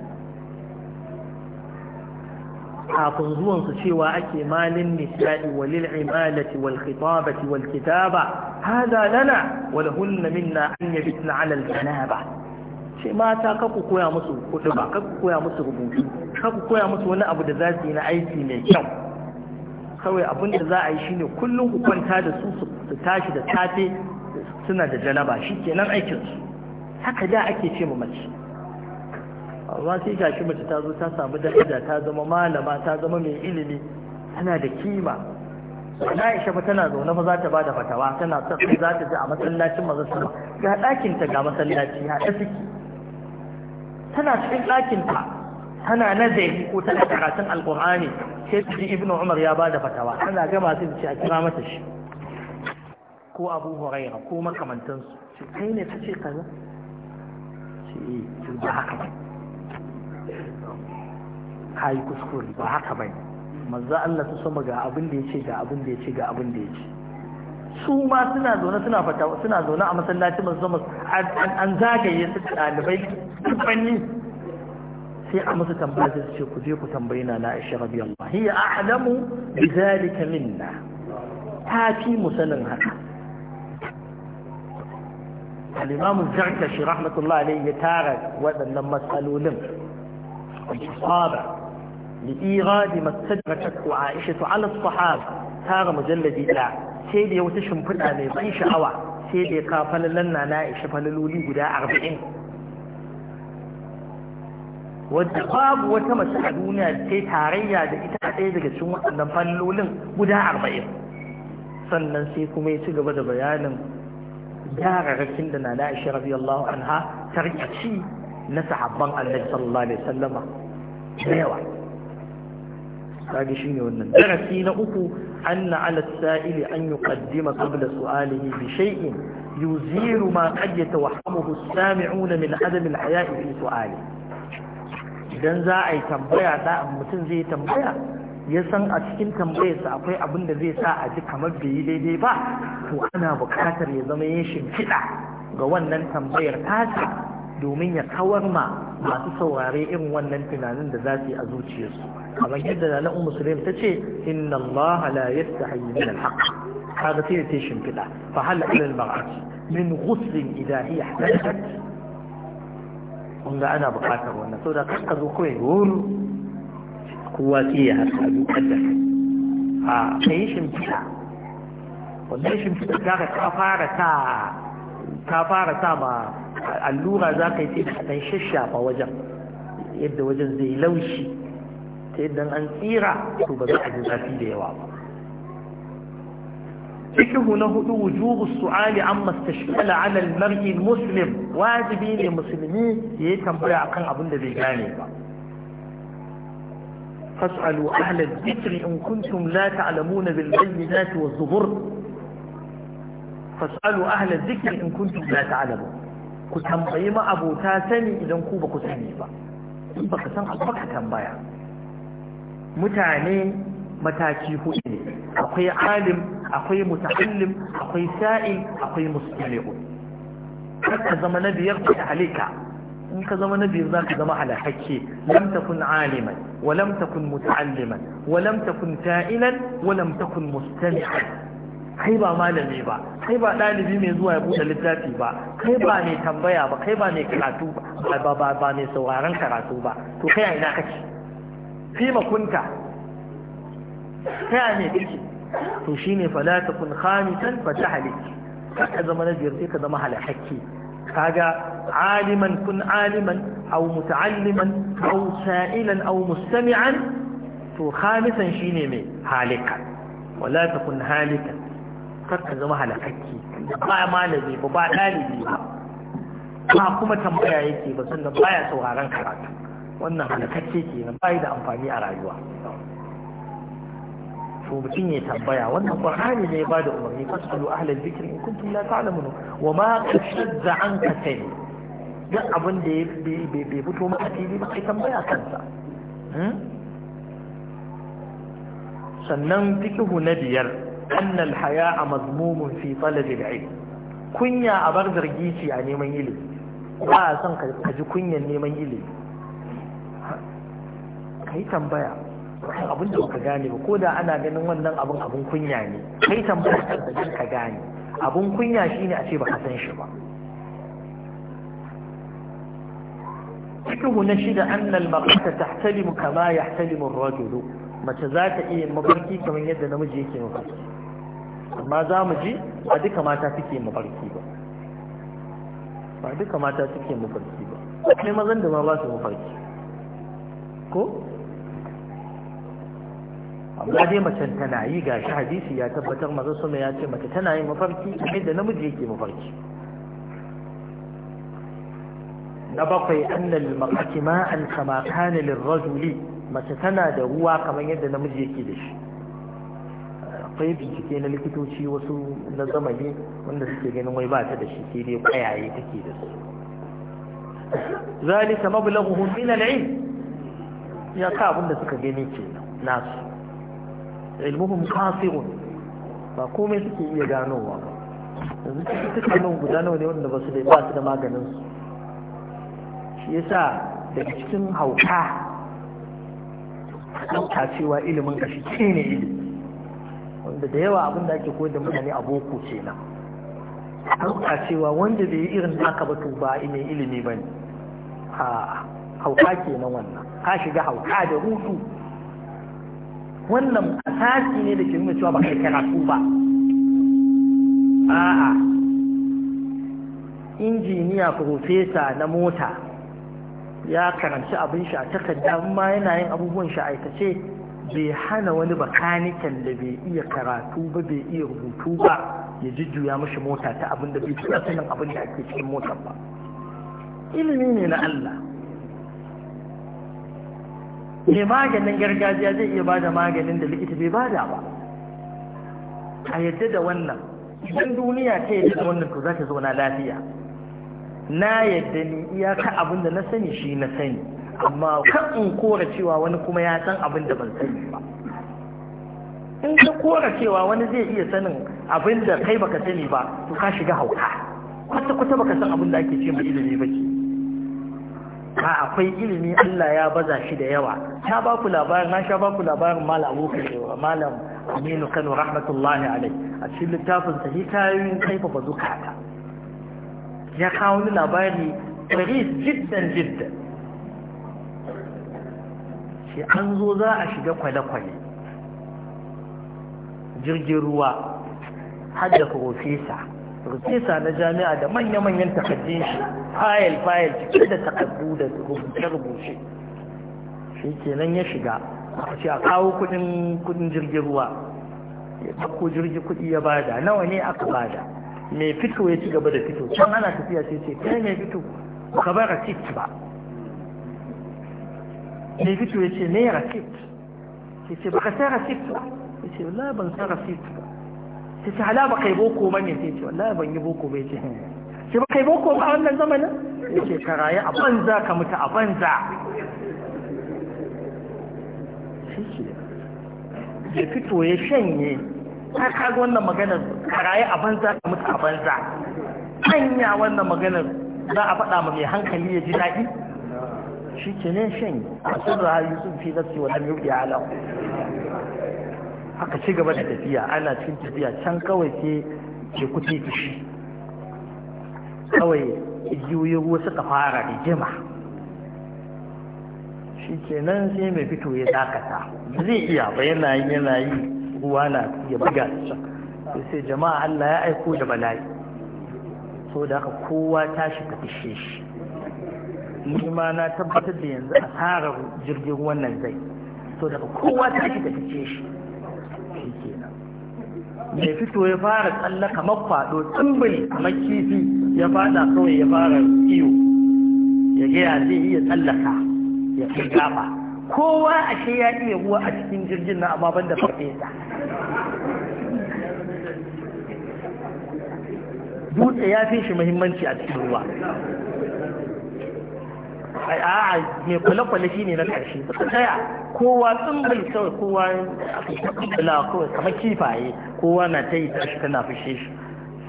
kafin zuwansu cewa ake malin nisa'i walil imalati wal khitabati wal kitaba hada lana wa lahunna minna an yabitna ala al janaba ce mata ka ku koya musu kudu ba ka ku koya musu rubutu ka ku koya musu wani abu da za su yi na aiki mai kyau kawai abin da za a yi shine kullum ku kwanta da su su tashi da safe suna da janaba shi kenan aikinsu. haka da ake ce ma mace amma sai ga shi mace ta zo ta samu daraja ta zama malama ta zama mai ilimi tana da kima Aisha ba tana zaune fa za ta bada fatawa tana son za ta ji a masallacin maza sama ga ɗakin ta ga masallaci ha ta fiki tana cikin ɗakin ta tana nazari ko tana karatun alƙur'ani sai ta ji ibnu umar ya bada fatawa tana gama sai ta ce a kira mata shi ko abu huraira ko makamantansu ce kai ne ta ce kaza ce eh, ba haka ba ka yi kuskure ba haka bane manzo Allah su sama ga abin da yake ga abin da yake ga abin da yake su ma suna zaune suna fata suna zaune a masallaci manzo an zagaye su dalibai fanni sai a musu tambaya sai ce ku je ku tambayi na Aisha radiyallahu hiya a'lamu bi zalika minna ta fi mu sanin haka al-imam az-zarkashi rahmatullahi alayhi ya tara waɗannan matsalolin الصحابة لإيغاد ما استدركته عائشة على الصحابة تارى مجلد إلا سيد يوتشم فلا ميضي شعوى سيد يقافل لنا نائش فللولي قداء أربعين والدقاب وتم wata mace a duniya da ta tarayya da ita a sannan sai kuma ya ci gaba da bayanin yararrakin da na da rabi Allah an ha ci na sahabban annabi sallallahu alaihi wasallama da yawa kage shine wannan darasi na uku anna ala sa'ili an yuqaddima qabla su'alihi bi shay'in yuziru ma qad yatawahhamuhu as-sami'un min adam al-haya'i fi su'ali idan za a yi tambaya da mutum zai tambaya ya san a cikin tambayarsa akwai abin da zai sa a ji kamar bai yi daidai ba to ana buƙatar ya zama yin shimfiɗa ga wannan tambayar tasa domin ya kawar ma masu saurare irin wannan tunanin da za su yi a zuciyarsu kamar yadda na ummu sulaim ta ce inna allah la yastahi min al haqq kaga sai ta shimfida fa hal ala al-mar'ati min ghusl idha hiya ihtalat kun ana bukatar wannan saboda kakka zo kai wuru kuwa ki ya haka dukkan da a kai shimfida wannan shimfida ta ka fara ta ta fara ta ba allura za ka yi sai ka ɗan shashafa wajen yadda wajen zai laushi ta yadda an tsira to ba za a ji zafi da yawa ba فكه نهد وجوب السؤال عما استشكل على المرء المسلم واجبي للمسلمين يتنبع عن أبن بيجاني فاسألوا أهل الذكر إن كنتم لا تعلمون بالبينات والزبر فاسألوا أهل الذكر إن كنتم لا تعلمون ku tambayi ma'abota sani idan ku ba ku sani ba in ba ka san abu tambaya mutane mataki hudu ne akwai alim akwai muta'allim akwai sa'i, akwai muslimu ka zama na biyar ka halika in ka zama na biyar za ka zama alhaki, lam takun aliman wa lam takun muta'alliman wa lam takun sa'ilan wa lam takun mustami'an kai ba malami ba kai ba ɗalibi mai zuwa ya buɗe littafi ba kai ba mai tambaya ba kai ba mai karatu ba ba ba mai sauraron karatu ba to kai a ina kake fi makunta kai a ne kake to shine fala takun khamisan fa tahlik ka zama na biyar sai ka zama halakakki kaga aliman kun aliman aw muta'alliman aw sa'ilan aw mustami'an to khamisan shine mai halika wala kun halikan ka zama halakakki ba malami ba ba ɗalibi ba ba kuma tambaya yake ba sannan baya sauraron karatu wannan halakakke kenan bai da amfani a rayuwa to mutum ya tambaya wannan qur'ani ne ya bada umarni fasalu ahlal zikri in kuntum la ta'lamun wa ma qashadza anka sai duk abin da ya bai fito maka fili ba kai tambaya kansa hmm? sannan fikihu na biyar أن haya'a mazmumun في طلب العلم kunya a bar zargi ce a neman ilimi ba a son ka ji kunyan neman ilimi kai tambaya abin da ka gane ba ko da ana ganin wannan abin abin kunya ne kai tambaya kan da ka gane abin kunya shine a ce ba ka san shi ba fikihu na shida annal ta tahtalimu kama yahtalimu ar-rajulu mace za ta iya mafarki kamar yadda namiji yake mafarki amma za mu ji ba duka mata suke mafarki ba ba duka mata suke mafarki ba ne mazan da ma ba su mafarki ko amma dai macen tana yi ga shi hadisi ya tabbatar su sama ya ce mace tana yin mafarki kamar da namiji yake mafarki na bakwai annal maqatima an kama kana lirrajuli mace tana da ruwa kamar yadda namiji yake da shi akwai bincike na likitoci wasu na zamani wanda suke ganin wai ba ta da shi sai dai kwayaye take da su zalika mablaghuhum min al-ilm ya ka abin da suka gani ke nasu ilmuhum qasirun ba komai suke iya ganowa ba yanzu cututtuka nan guda nawa ne wanda ba su da ba su da maganin su shi yasa daga cikin hauka ɗauka cewa ilimin shi ne ilimi wanda da yawa abin da ake koyar da mutane a boko ce na hauka cewa wanda bai yi irin haka ba to ba mai ilimi ba ne a hauka ke na wannan ka shiga hauka da hutu wannan asasi ne da ke nuna cewa ba kai karatu ba a'a injiniya profesa na mota ya karanci abin shi a takarda ma yana yin abubuwan shi aikace bai hana wani bakaniken da bai iya karatu ba bai iya rubutu ba ya jujjuya mashi mota ta abin da bai taɓa sanin abin da ake cikin motar ba ilimi ne na Allah Me maganin gargajiya zai iya ba da maganin da likita bai bada ba a yadda da wannan idan duniya ta yadda da wannan to za ta zauna lafiya na yadda ni iyaka abin da na sani shi na sani amma kan in kora cewa wani kuma ya san abin da ban sani ba in ka kora cewa wani zai iya sanin abin da kai baka sani ba to ka shiga hauka kwata kwata baka san abin da ake ce mai ilimi ba ke ba akwai ilimi Allah ya baza shi da yawa ta ba ku labarin na sha ba ku labarin malam abokan malam aminu kano rahmatullahi alai a cikin littafin sa hikayoyin kaifafa zukata ya kawo ni labari ɗari jiddan jiddan ce an zo za a shiga kwale-kwale jirgin ruwa hadda profesa profesa na jami'a da manya-manyan takaddun shi fayil-fayil cike da takaddu da rubuce-rubuce shi kenan ya shiga a ce a kawo kudin jirgin ruwa ya ɗauko jirgin kudi ya bada nawa ne aka bada mai fito ya ci gaba da fito can ana tafiya sai ce kai mai fito ka a ciki ba mai fito ya ce mai ya ce baka sai rasit ba ya ce wala ban san rasit ba ya ce hala baka yi boko ba ne ya ce wala ban yi boko ba ya ce hmm. ce baka yi boko ba wannan zamanin ya ce ka a banza ka mutu a banza ya fito ya shanye ta kaga wannan maganar ka a banza ka mutu a banza hanya wannan maganar za a faɗa mai hankali ya ji daɗi shi ke ne shan a sirra yusuf fi nafsi wa lam yubdi ala haka ci gaba da tafiya ana cikin tafiya can kawai ke ke kuce kishi kawai igiyoyin ruwa suka fara rigima shi ke nan sai mai fito ya dakata zai iya ba yana yi yana yi ruwa na ya buga can sai jama'a Allah ya aiko da bala'i so da haka kowa tashi kishe shi ni ma na tabbatar da yanzu a tsara jirgin wannan zai to daga kowa ta shi da fice shi shi fito ya fara tsalla kamar kwado tsimbili kamar kifi ya fada kawai ya fara iyo ya gaya zai iya tsallaka ya fi gaba kowa a shi ya iya ruwa a cikin jirgin na amma banda da farfesa dutse ya fi shi muhimmanci a cikin ruwa a'a mai kwale-kwale shi ne na ƙarshe suka taya kowa tsumbul kawai kowa a kawai kamar kifaye kowa na ta yi tashi tana fushe shi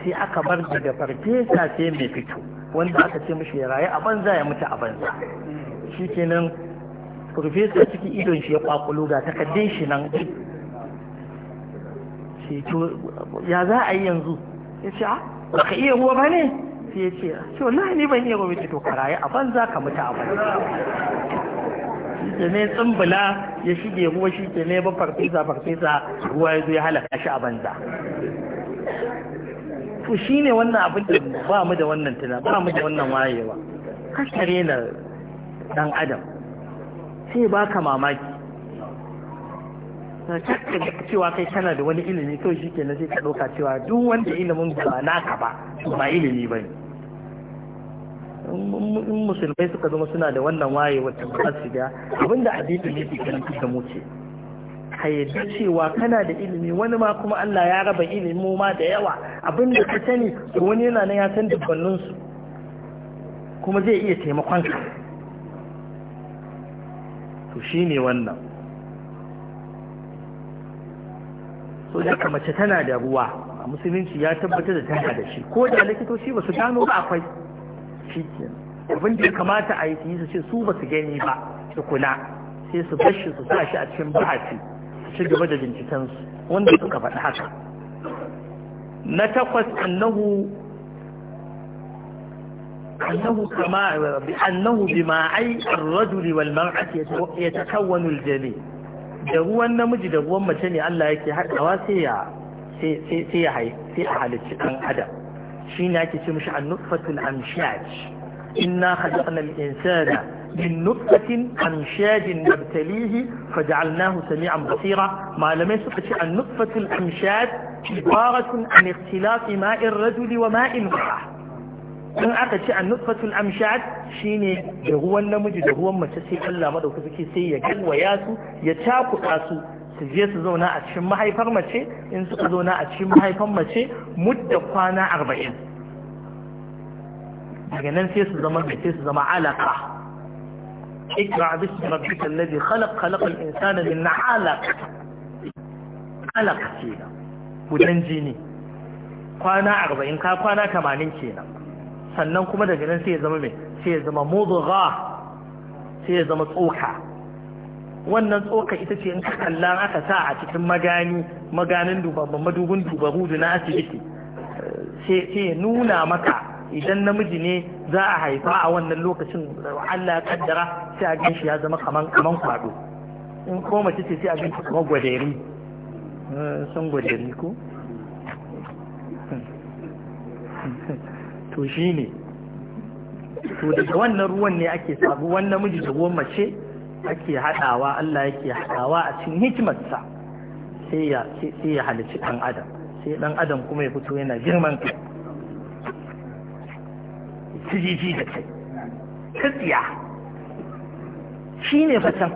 sai aka bar daga farfesa sai mai fito wanda aka ce mishi ya rayu a banza ya mutu a banza shi kenan farfesa ciki idon shi ya kwakulo ga takaddun shi nan ya za a yi yanzu ya ce ah, a ka iya ruwa ba ne sai ya ce to na ni ban iya gobe to karaye a banza ka mutu a banza shi ne tsumbula ya shige ruwa shi ke ne ba farfesa farfesa ruwa ya zo ya halaka shi a banza to shi ne wannan abin da ba mu da wannan tuna ba mu da wannan wayewa kashare na dan adam sai ba ka mamaki cewa kai kana da wani ilimi kawai shi ke na sai ka ɗauka cewa duk wanda ilimin ba naka ba ba ilimi ba ne in musulmai suka zama suna da wannan waye wata ba su ga abinda addini ne ke kan da mu ce ka yadda cewa kana da ilimi wani ma kuma Allah ya raba ilimi ma da yawa abinda ka sani wani yana nan ya san dubbannin su kuma zai iya taimakon ka to shine wannan so da mace tana da ruwa a musulunci ya tabbatar da tana da shi ko da likitoci ba su gano ba akwai shi ke abin da ya kamata a yi su yi su ce su ba su gani ba su kula sai su bashi su sa shi a cikin bahati su ci gaba da bincikensu wanda suka faɗi haka na takwas annahu أنه كما أنه بماعي ya ta يتكون الجليل da ruwan namiji da ruwan mace ne Allah yake haɗawa sai ya sai sai sai halicci ɗan adam shine ake ce mishi an-nutfatul amshaj inna khalaqna al-insana min nutfatin amshajin nabtalihi faj'alnahu sami'an basira malamai suka ce an-nutfatul amshaj ibaratun an ikhtilafi ma'in rajuli wa ma'in mar'a in aka ce an nutfatul amshad shine da ruwan namiji da ruwan mace sai Allah madaukaki sai ya galwaya su ya takuɗa su su je su zauna a cikin mahaifar mace in suka zauna a cikin mahaifar mace mudda kwana arba'in daga nan sai su zama mai sai su zama alaka ikra bisu rabbika alladhi khalaq khalaqa al-insana min 'alaq alaq kenan gudan jini kwana arba'in ka kwana tamanin kenan sannan kuma daga nan sai ya zama mai sai ya zama mudgha sai ya zama tsoka wannan tsoka ita ce in ka kalla aka sa a cikin magani maganin dubabban madugun da na asibiti sai nuna maka idan namiji ne za a haifa a wannan lokacin Allah ya kaddara sai a ganshi ya zama kaman kaman kwado in ko mace ce sai a ganshi kamar gwaderi eh, san gwaderi ko to shine to daga wannan ruwan ne ake sabu wannan miji da ruwan mace ake haɗawa Allah yake haɗawa a cikin hikimarsa sai ya sai ya halici ɗan adam sai ɗan adam kuma ya fito yana girman kai jiji da kai tsiya shi ne fatan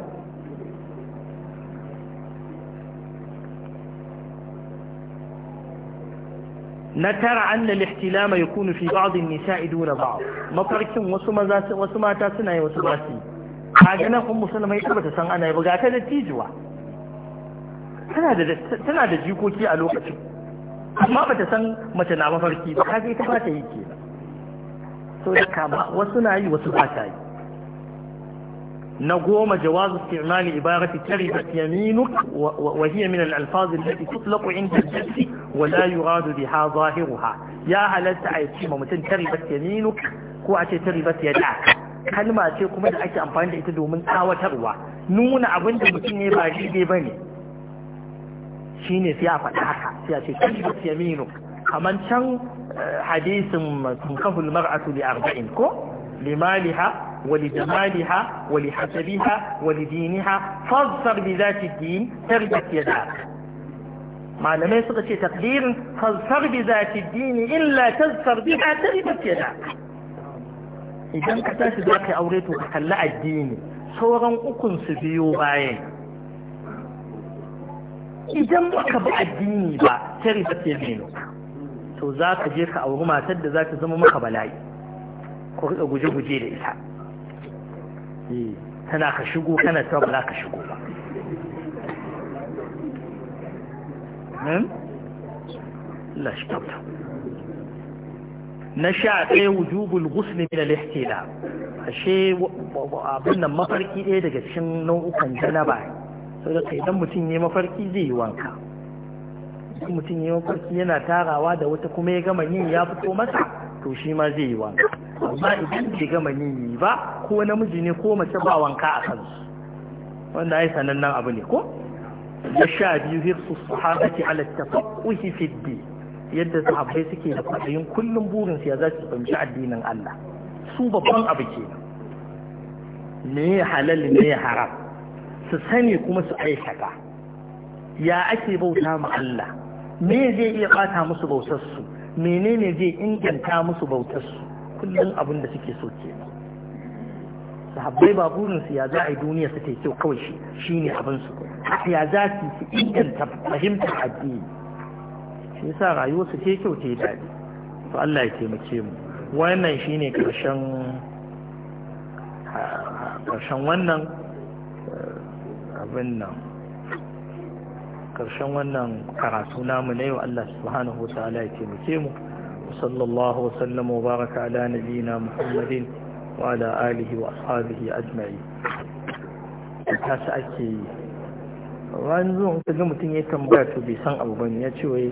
na tara anna lihtilama kunu fi ba'd an-nisa'i duna ba'd mafarkin wasu wasu mata suna yi wasu ba su yi kaga nan ummu salama ita bata san ana ba ga ta da tijuwa tana da tana da jikoki a lokacin amma bata san mace na mafarki ba kaga ita bata yi kenan so da kama wasu na yi wasu ba ta yi نقوم جواز استعمال عبارة تربت يمينك وهي من الألفاظ التي تطلق عند الجنس ولا يراد بها ظاهرها يا هل أنت عايز ممتن ko a ce تربت يداك kalma ce kuma da ake amfani da ita domin tsawatarwa nuna abin da mutum ne ba daidai ba ne shi ne sai a faɗa haka sai shi ce siya yaminu kamar can eh, hadisin tunkahul mar'atu li arba'in ko limaliha ولجمالها ولحسبها ولدينها فاظفر بذات الدين تربت يداك malamai suka ce takdirin fassar bi za ki dini illa tasar bi a taribat ya da idan ka tashi za ka yi aure to ka kalli addini sauran ukun su biyo bayan idan baka bi addini ba ta riba ce meno to za ka je ka auri matar da za ta zama maka bala'i ko ka guje-guje da ita eh, tana ka shigo kana ta ba ka shigo ba hmm? Allah na sha ɗaya wujubul ghusli min al ashe abin nan mafarki ɗaya daga cikin nau'ukan janaba saboda idan mutum ya mafarki zai yi wanka idan mutum ya mafarki yana tarawa da wata kuma ya gama yin ya fito masa to shi ma zai yi wanka amma idan bai gama yin yi ba ko namiji ne ko mace ba wanka a kansu wanda ai sanannen abu ne ko na sha biyu hirsu sahabati ala tafaqquhi fi din yadda sahabbai suke da kwaɗayin kullum burin su ya za su fahimci addinin Allah su babban abu ke me halal ne haram su sani kuma su aikata ya ake bauta ma Allah me zai iya kata musu bautar su menene zai inganta musu bautar su kullum abin da suke so ke sahabbai ba burin su ya za a yi duniya su ta kyau kawai shi ne abin ya za su inganta fahimtar addini shi rayuwar su ta kyau ta yi daɗi to Allah ya taimake mu wannan shine karshen karshen wannan eh, abin nan karshen wannan karatu namu na yau Allah subhanahu wa ta'ala ya taimake mu sallallahu baraka ala وسلم muhammadin wa ala alihi wa ashabihi وأصحابه ta haka ake wani zuwan ga mutum ya tambaya to bai san abu bane ya ce wai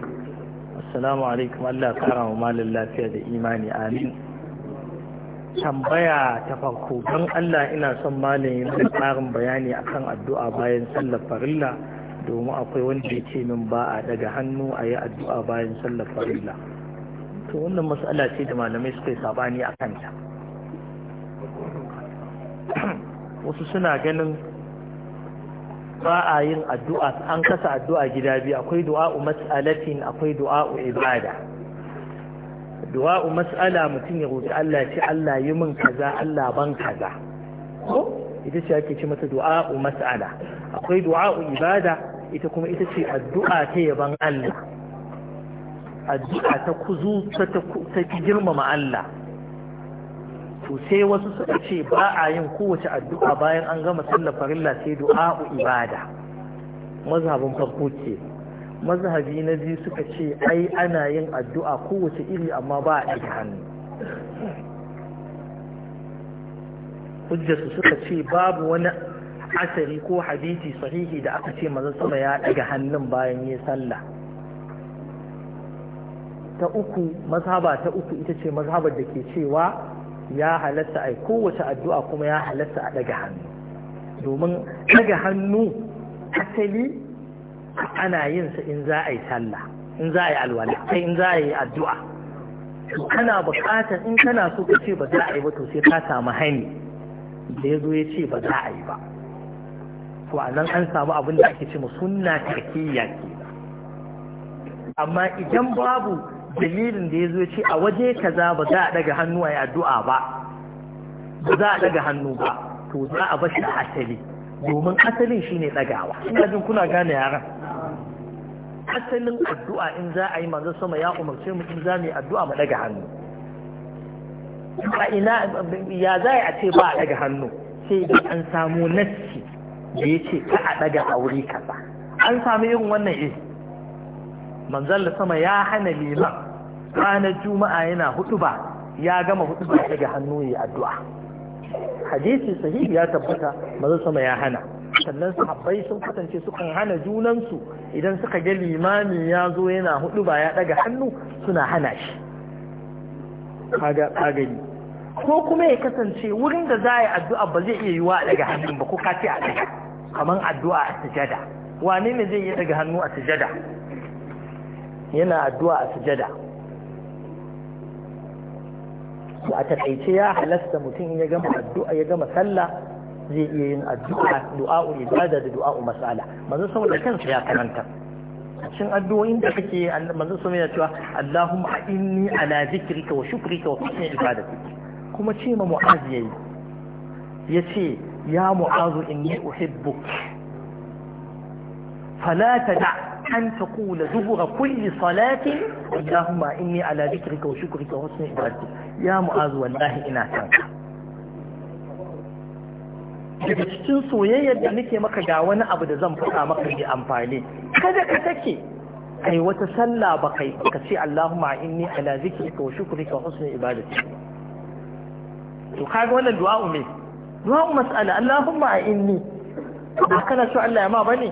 assalamu alaikum Allah kara wa malin lafiya da imani amin tambaya ta farko don Allah ina son malin yin tsarin bayani akan addu'a bayan sallar farilla domin akwai wanda ya ce min ba a daga hannu a yi addu'a bayan sallar farilla to wannan mas'ala ce da malamai suka yi sabani a kanta wasu suna ganin ba a yin addu'a an kasa addu'a gida biyu akwai du'a'u mas'alatin akwai du'a'u ibada du'a'u mas'ala mutum ya roƙi Allah ce Allah yi min kaza Allah ban kaza ko ita ce ake ce mata du'a'u mas'ala akwai du'a'u ibada ita kuma ita ce addu'a ta yaban Allah addu'a ta kuzu ta girmama Allah to sai wasu suka ce ba a yin kowace addu'a bayan an gama sallar farilla sai du'a'u ibada mazhabin farko ce mazhabi na biyu suka ce ai ana yin addu'a kowace iri amma ba a ɗaga hannu hujjarsu suka ce babu wani asari ko hadisi sahihi da aka ce maza sama ya ɗaga hannun bayan ya sallah ta uku mazhaba ta uku ita ce mazhabar da ke cewa ya halatta a kowace addu'a kuma ya halatta a daga hannu domin daga hannu asali ana yin sa in za a yi sallah in za a yi alwali sai in za a yi addu'a to kana buƙatar in kana so ka ce ba za a yi ba to sai ka samu hani da ya zo ya ce ba za a yi ba to a nan an samu abin da ake ce ma sunna ta kiyaye amma idan babu dalilin da ya zo ce a waje kaza ba za a daga hannu a yi addu'a ba ba za a daga hannu ba to za a bashi a asali domin asalin shi ne ina jin kuna gane yaran asalin addu'a in za a yi manzo sama ya umarce mu in za mu yi addu'a mu daga hannu ya za a ce ba a daga hannu sai idan an samu nassi da ya ce ka a daga aure kaza an samu irin wannan eh da sama ya hana liman ranar juma'a yana hudu ba ya gama hudu ba daga hannu ya addu'a hadisi sahihi ya tabbata maza sama ya hana sannan sahabbai sun kasance kan hana junansu idan suka ga limami ya zo yana hudu ba ya daga hannu suna hana shi Kaga kagani ko kuma ya kasance wurin da za a yi addu'a ba zai iya yiwa daga hannu ba ko kace a kaman addu'a a sujada wane ne zai iya daga hannu a sujada yana addu'a a sujada a takaice ya halasta mutum ya gama addu'a ya gama sallah zai iya yin addu'a du'a'u ibada da du'a'u masala manzo saboda kansa ya karanta cikin addu'o'in da kake manzo sama ya cewa Allahumma inni ala zikrika wa shukrika wa husni ibadatik kuma ce ma mu'az yayi yace ya mu'az inni uhibbuk fala tad'a أن تقول ظهر كل صلاة اللهم إني على ذكرك وشكرك وحسن عبادتك يا معاذ والله إنا تنكر daga cikin soyayyar da nake maka ga wani abu da zan faɗa maka da amfani kada ka take kai wata sallah ba kai ka ce Allahumma inni ala zikrika wa shukrika wa husni ibadati to kaga wannan du'a ne du'a mas'ala Allahumma inni ba kana so Allah ya ma bane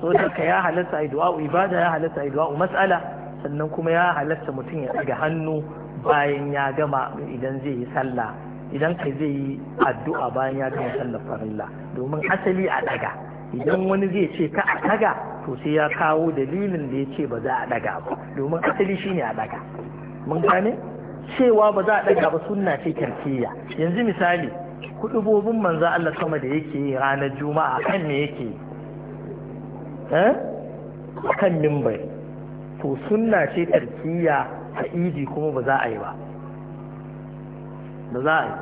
saboda ka ya halatta a du'a ibada ya halatta a du'a mas'ala sannan kuma ya halatta mutum ya daga hannu bayan ya gama idan zai yi sallah idan kai zai yi addu'a bayan ya gama sallar farilla domin asali a daga idan wani zai ce ka a daga to sai ya kawo dalilin da ya ce ba za a daga ba domin asali shine a daga mun gane cewa ba za a ɗaga ba sunna ce karkiya yanzu misali kudubobin manzo Allah sama da yake ranar juma'a kan me yake yi Eh? kan mimbar to sunna ce tarkiya a idi kuma ba za a yi ba ba za a yi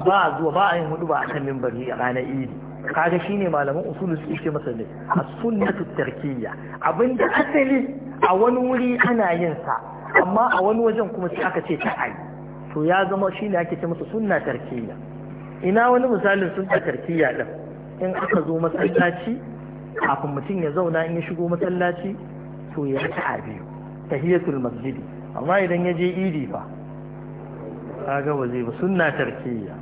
ba ba zuwa ba a yin hudu ba a kan mimbari a ranar idi kaga shine malaman usulu su ce masa ne a sunnatu tarkiya abinda asali a wani wuri ana yin sa amma a wani wajen kuma sai aka ce ta ai to ya zama shine ake ce masa sunna tarkiya ina wani misalin sunna tarkiya din in aka zo masallaci kafin mutum ya zauna in ya shigo masallaci to ya raka'a biyu tahiyatul masjidi amma idan ya je idi fa kaga ba zai ba sunna tarkiyya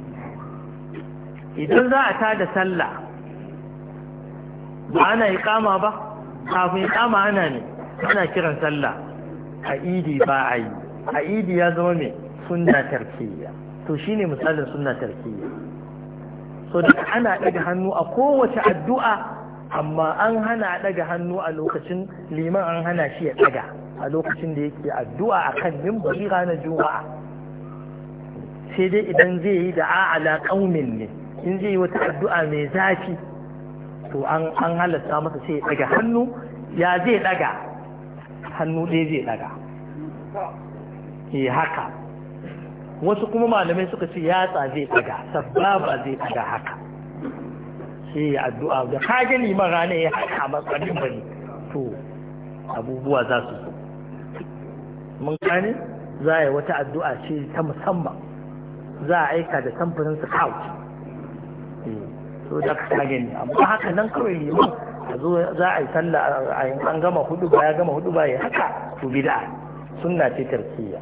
idan za a tada sallah ba ana kama ba kafin kama ana ne ana kiran sallah a idi ba a yi a idi ya zama mai sunna tarkiyya to shine misalin sunna tarkiyya so da ana ɗaga hannu a kowace addu'a amma an hana daga hannu a lokacin liman an hana shi ya daga a lokacin da yake addu'a a kan mimbari ranar juma'a sai dai idan zai yi da'a ala kaumin ne in zai yi wata addu'a mai zafi to an halatta masa sai ya daga hannu ya zai daga hannu ɗaya zai daga yi eh, haka wasu kuma malamai suka ce yatsa zai daga sabbaba zai daga haka sai ya addu'a da kage liman rana ya haɗa a matsalin bane to abubuwa za su zo mun gane za a yi wata addu'a ce ta musamman za a aika da samfurin su kawo eh, so da ka gani amma haka nan kawai liman a zo za a yi sallah a yin an gama hudu ba ya gama hudu ba ya haka to bid'a sunna ce tarkiyya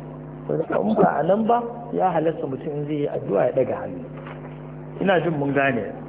to da ba a nan ba ya halatta mutum zai yi addu'a ya daga hannu ina jin mun gane